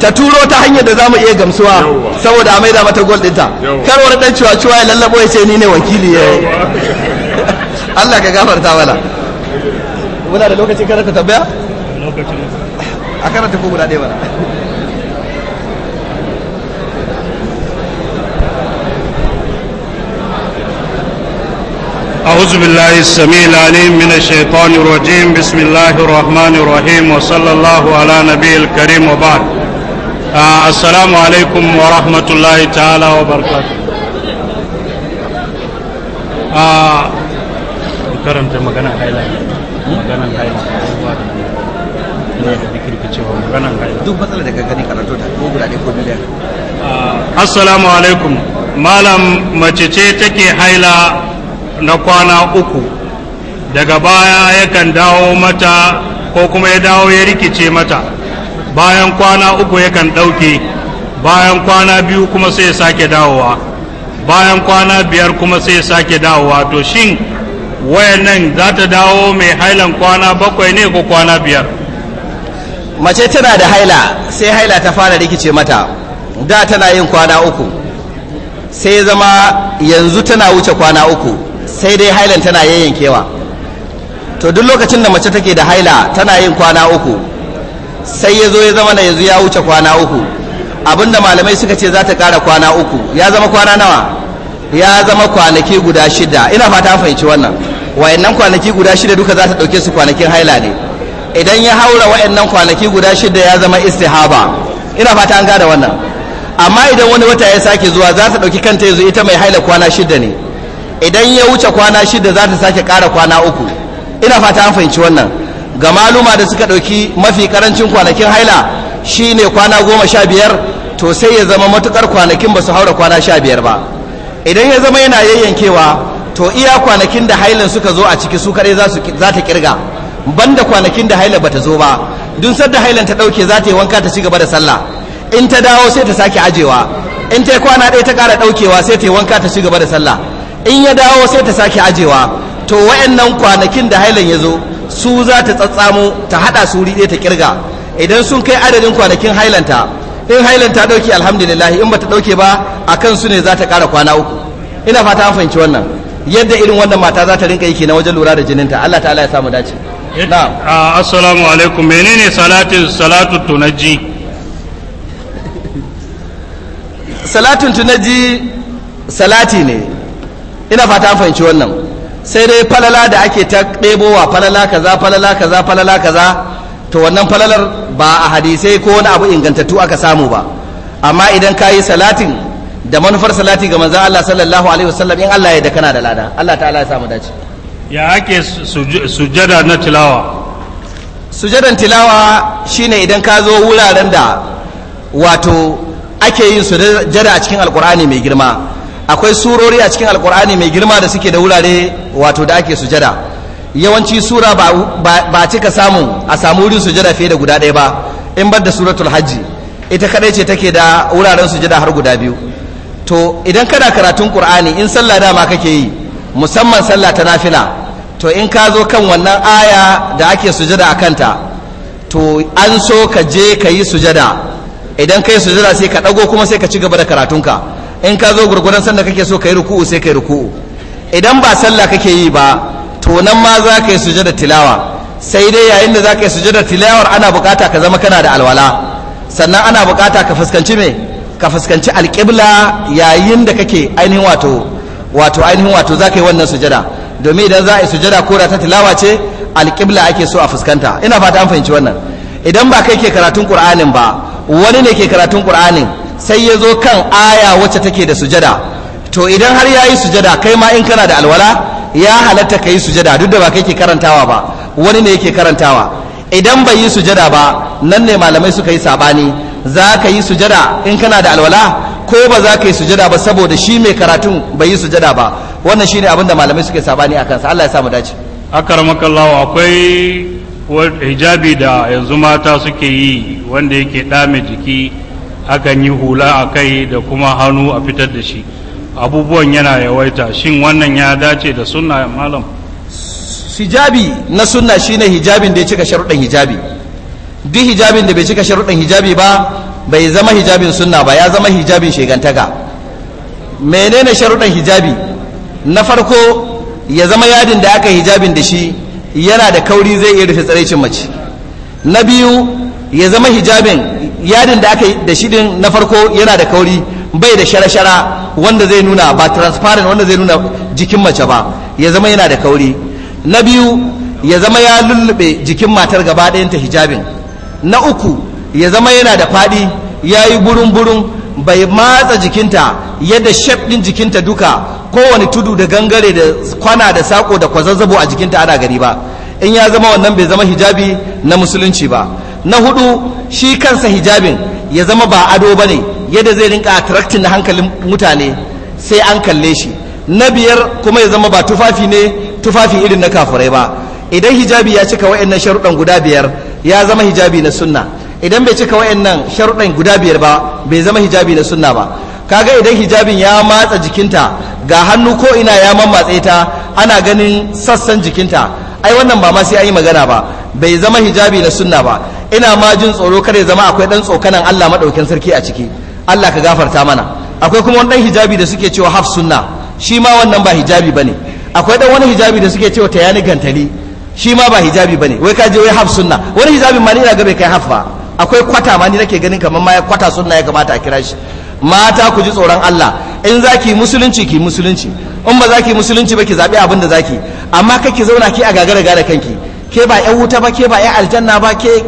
ta turo ta hanyar da zamu iya gamsuwa saboda a maida mata gol ɗinta kar wani dan cewa cewa ya lallabo ya ce ni ne wakili ya [LAUGHS] Allah ka gafarta mana muna da lokaci kada ka tabbaya a karanta ko guda ɗaya mana أعوذ بالله السميع العليم من الشيطان الرجيم بسم الله الرحمن الرحيم وصلى الله على نبي الكريم وبعد assalamu alaikum wa rahmatullahi ta'ala wa barakatu karanta magana maganan maganan duk matsalar da ka gani karanto da ko guda ko miliyan assalamu alaikum malam mace ce take haila na kwana uku daga baya yakan dawo mata ko kuma ya dawo ya rikice mata bayan kwana uku yakan ɗauke bayan kwana biyu kuma sai ya sake dawowa bayan kwana biyar kuma sai ya sake dawowa to shin wayan nan za ta dawo mai hailan kwana bakwai ne ko kwana biyar mace tana da haila sai haila ta fara rikice mata da tana yin kwana uku sai zama yanzu tana wuce kwana uku sai dai hailan tana yayyankewa to duk lokacin da mace take da haila tana yin kwana uku sai ya zo ya zama na yanzu ya wuce kwana uku abinda malamai suka ce za ta kara kwana uku ya zama kwana nawa ya zama kwanaki guda shida ina fata fahimci wannan wayannan kwanaki guda shida duka za ta dauke su kwanakin haila ne idan ya haura wayannan kwanaki guda shida ya zama istihaba ina fata an gada wannan amma idan wani wata ya sake zuwa za ta dauki kanta yanzu ita mai haila kwana shida ne idan ya wuce kwana shida za ta sake kara kwana uku ina fata an fahimci wannan ga maluma da suka ɗauki mafi ƙarancin kwanakin haila shi ne kwana goma sha biyar to sai ya zama matuƙar kwanakin ba su haura kwana sha biyar ba idan ya zama yana yayyankewa to iya kwanakin da hailan suka zo a ciki su kaɗai za ta kirga banda kwanakin da haila bata zo ba dun sadda hailan ta ɗauke za ta yi wanka ta ci gaba da sallah in ta dawo sai ta sake ajewa in ta yi kwana ɗaya ta ƙara ɗaukewa sai ta yi wanka ta ci gaba da sallah in ya dawo sai ta sake ajewa to wa'annan kwanakin da hailan ya zo su za ta tsatsamo ta hada su riɗe ta kirga idan sun kai adadin kwanakin hailanta in hailanta dauke alhamdulillah in bata dauke ba a kan su ne za ta kara kwana uku ina fata an fahimci wannan yadda irin wannan mata za ta rinka yi na wajen lura da jininta Allah ta'ala ya samu dace assalamu alaikum menene salatin salatu tunaji salatun tunaji salati ne ina fata an fahimci wannan sai dai falala da ake ta ɗebowa falala kaza falala kaza falala kaza to wannan falalar ba a hadisai ko wani abu ingantattu aka samu ba amma idan ka yi salatin da manufar salati ga manzan Allah sallallahu alaihi wasallam in Allah ya da kana da lada Allah ta'ala ya samu dace ya ake sujada na tilawa sujadan tilawa shine idan ka zo wuraren da wato ake yin sujada a cikin alkur'ani mai girma akwai surori a cikin alkur'ani mai girma da suke da wurare wato da ake sujada yawanci sura ba cika samun a samu wurin sujada fiye da guda ɗaya ba in bar da suratul hajji ita kadai ce take da wuraren sujada har guda biyu to idan kana karatun qur'ani in sallah dama kake yi musamman sallah ta nafila to in ka zo kan wannan aya da ake sujada a kanta to an so ka je ka yi sujada idan ka sujada sai ka ɗago kuma sai ka ci gaba da karatunka in ka zo gurgudan sanda kake so kai ruku'u sai kai ruku'u idan ba sallah kake yi ba to nan ma za ka yi sujada tilawa sai dai yayin da za ka yi sujada tilawar ana bukata ka zama kana da alwala sannan ana bukata ka fuskanci me ka fuskanci alƙibla yayin da kake ainihin wato wato ainihin wato za ka yi wannan sujada domin idan za a yi sujada ko da ta tilawa ce alƙibla ake so a fuskanta ina fata an fahimci wannan idan ba kai ke karatun qur'anin ba wani ne ke karatun qur'anin sai ya zo kan aya wacce take da sujada to idan har ya yi sujada kai ma in kana da alwala ya halatta ka yi sujada duk da ba kai ke karantawa ba wani ne yake karantawa idan bai yi sujada ba nan ne malamai suka yi sabani za ka yi sujada in kana da alwala ko ba za ka yi sujada ba saboda shi mai karatun bai yi sujada ba wannan shine abin da malamai suka yi sabani a kansa Allah ya sa mu dace akarmakallawa akwai hijabi da yanzu mata suke yi wanda yake dame jiki akan yi hula a kai da kuma hannu a fitar da shi abubuwan yana yawaita shin wannan ya dace da sunna malam hijabi na sunna shine hijabin da ya cika sharuɗin hijabi duk hijabin da bai cika sharuɗan hijabi ba bai zama hijabin sunna ba ya zama hijabin shegantaka menene sharuɗan hijabi na farko ya zama yadin da aka hijabin da shi yana da kauri zai iya rufe tsaraicin mace na biyu ya zama hijabin yadin da aka da shi din na farko yana da kauri bai da shara-shara wanda zai nuna ba transparent wanda zai nuna jikin mace ba ya zama yana da kauri na biyu ya zama ya lullube jikin matar gaba ta hijabin na uku ya zama yana da faɗi ya yi burin-burin bai matsa jikinta yadda shef ɗin jikinta duka kowane tudu da gangare da kwana da sako da kwazazzabo a jikinta ana gari ba in ya zama wannan bai zama hijabi na musulunci ba na hudu shi kansa hijabin ya zama ba ado ba ne yadda zai rinka attracting da hankalin mutane sai an kalle shi na biyar kuma ya zama ba tufafi ne tufafi irin na kafurai ba idan hijabi ya cika wa'annan sharuɗan guda biyar ya zama hijabi na sunna idan bai cika wa'annan sharuɗan guda biyar ba bai zama hijabi na sunna ba kaga idan hijabin ya matsa jikinta ga hannu ko ina ya mammatse ta ana ganin sassan jikinta ai wannan ba ma sai an yi magana ba bai zama hijabi na sunna ba ina ma jin tsoro kar ya zama akwai dan tsokanan Allah madaukin sarki a ciki Allah ka gafarta mana akwai kuma wani hijabi da suke cewa haf sunna shi ma wannan ba hijabi bane akwai dan wani hijabi da suke cewa tayani gantali shi ma ba hijabi bane wai ka je wai haf sunna wani hijabin ma ni ina ga bai kai haf ba akwai kwata ma ni nake ganin kamar ma kwata sunna ya kamata a kira shi mata ku ji tsoron Allah in za ki musulunci ki musulunci in ba zaki ki musulunci ba ki zabi abin da zaki ki amma kake zauna ki a gagara gare kanki ke ba yan wuta ba ke ba yan aljanna ba ke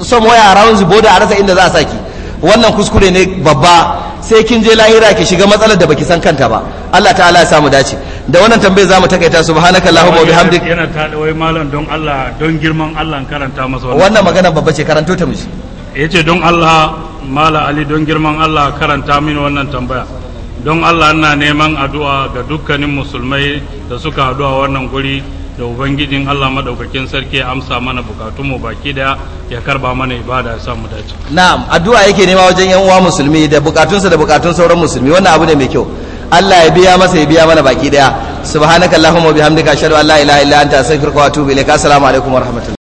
son waya a rawun zubo da a rasa inda za a saki wannan kuskure ne babba sai kin je lahira ki shiga matsalar da baki san kanta ba Allah ta'ala ya samu dace da wannan tambayar zamu takaita subhanaka allahumma wa bihamdik yana tada wai malam don Allah don girman Allah karanta masa wannan wannan magana babba ce karanto ta miji yace don Allah mala ali don girman Allah karanta min wannan tambaya don Allah ina neman addu'a ga dukkanin musulmai da suka addu'a wannan guri da ubangijin Allah madaukakin sarki ya amsa mana bukatun mu baki da ya karba mana ibada ya samu dace na'am addu'a yake nema wajen yan uwa musulmi da bukatunsa da bukatun sauran musulmi wannan abu ne mai kyau Allah ya biya masa ya biya mana baki daya subhanakallahumma bihamdika ashhadu an la ilaha illa anta astaghfiruka wa atubu ilaik assalamu alaikum wa rahmatullahi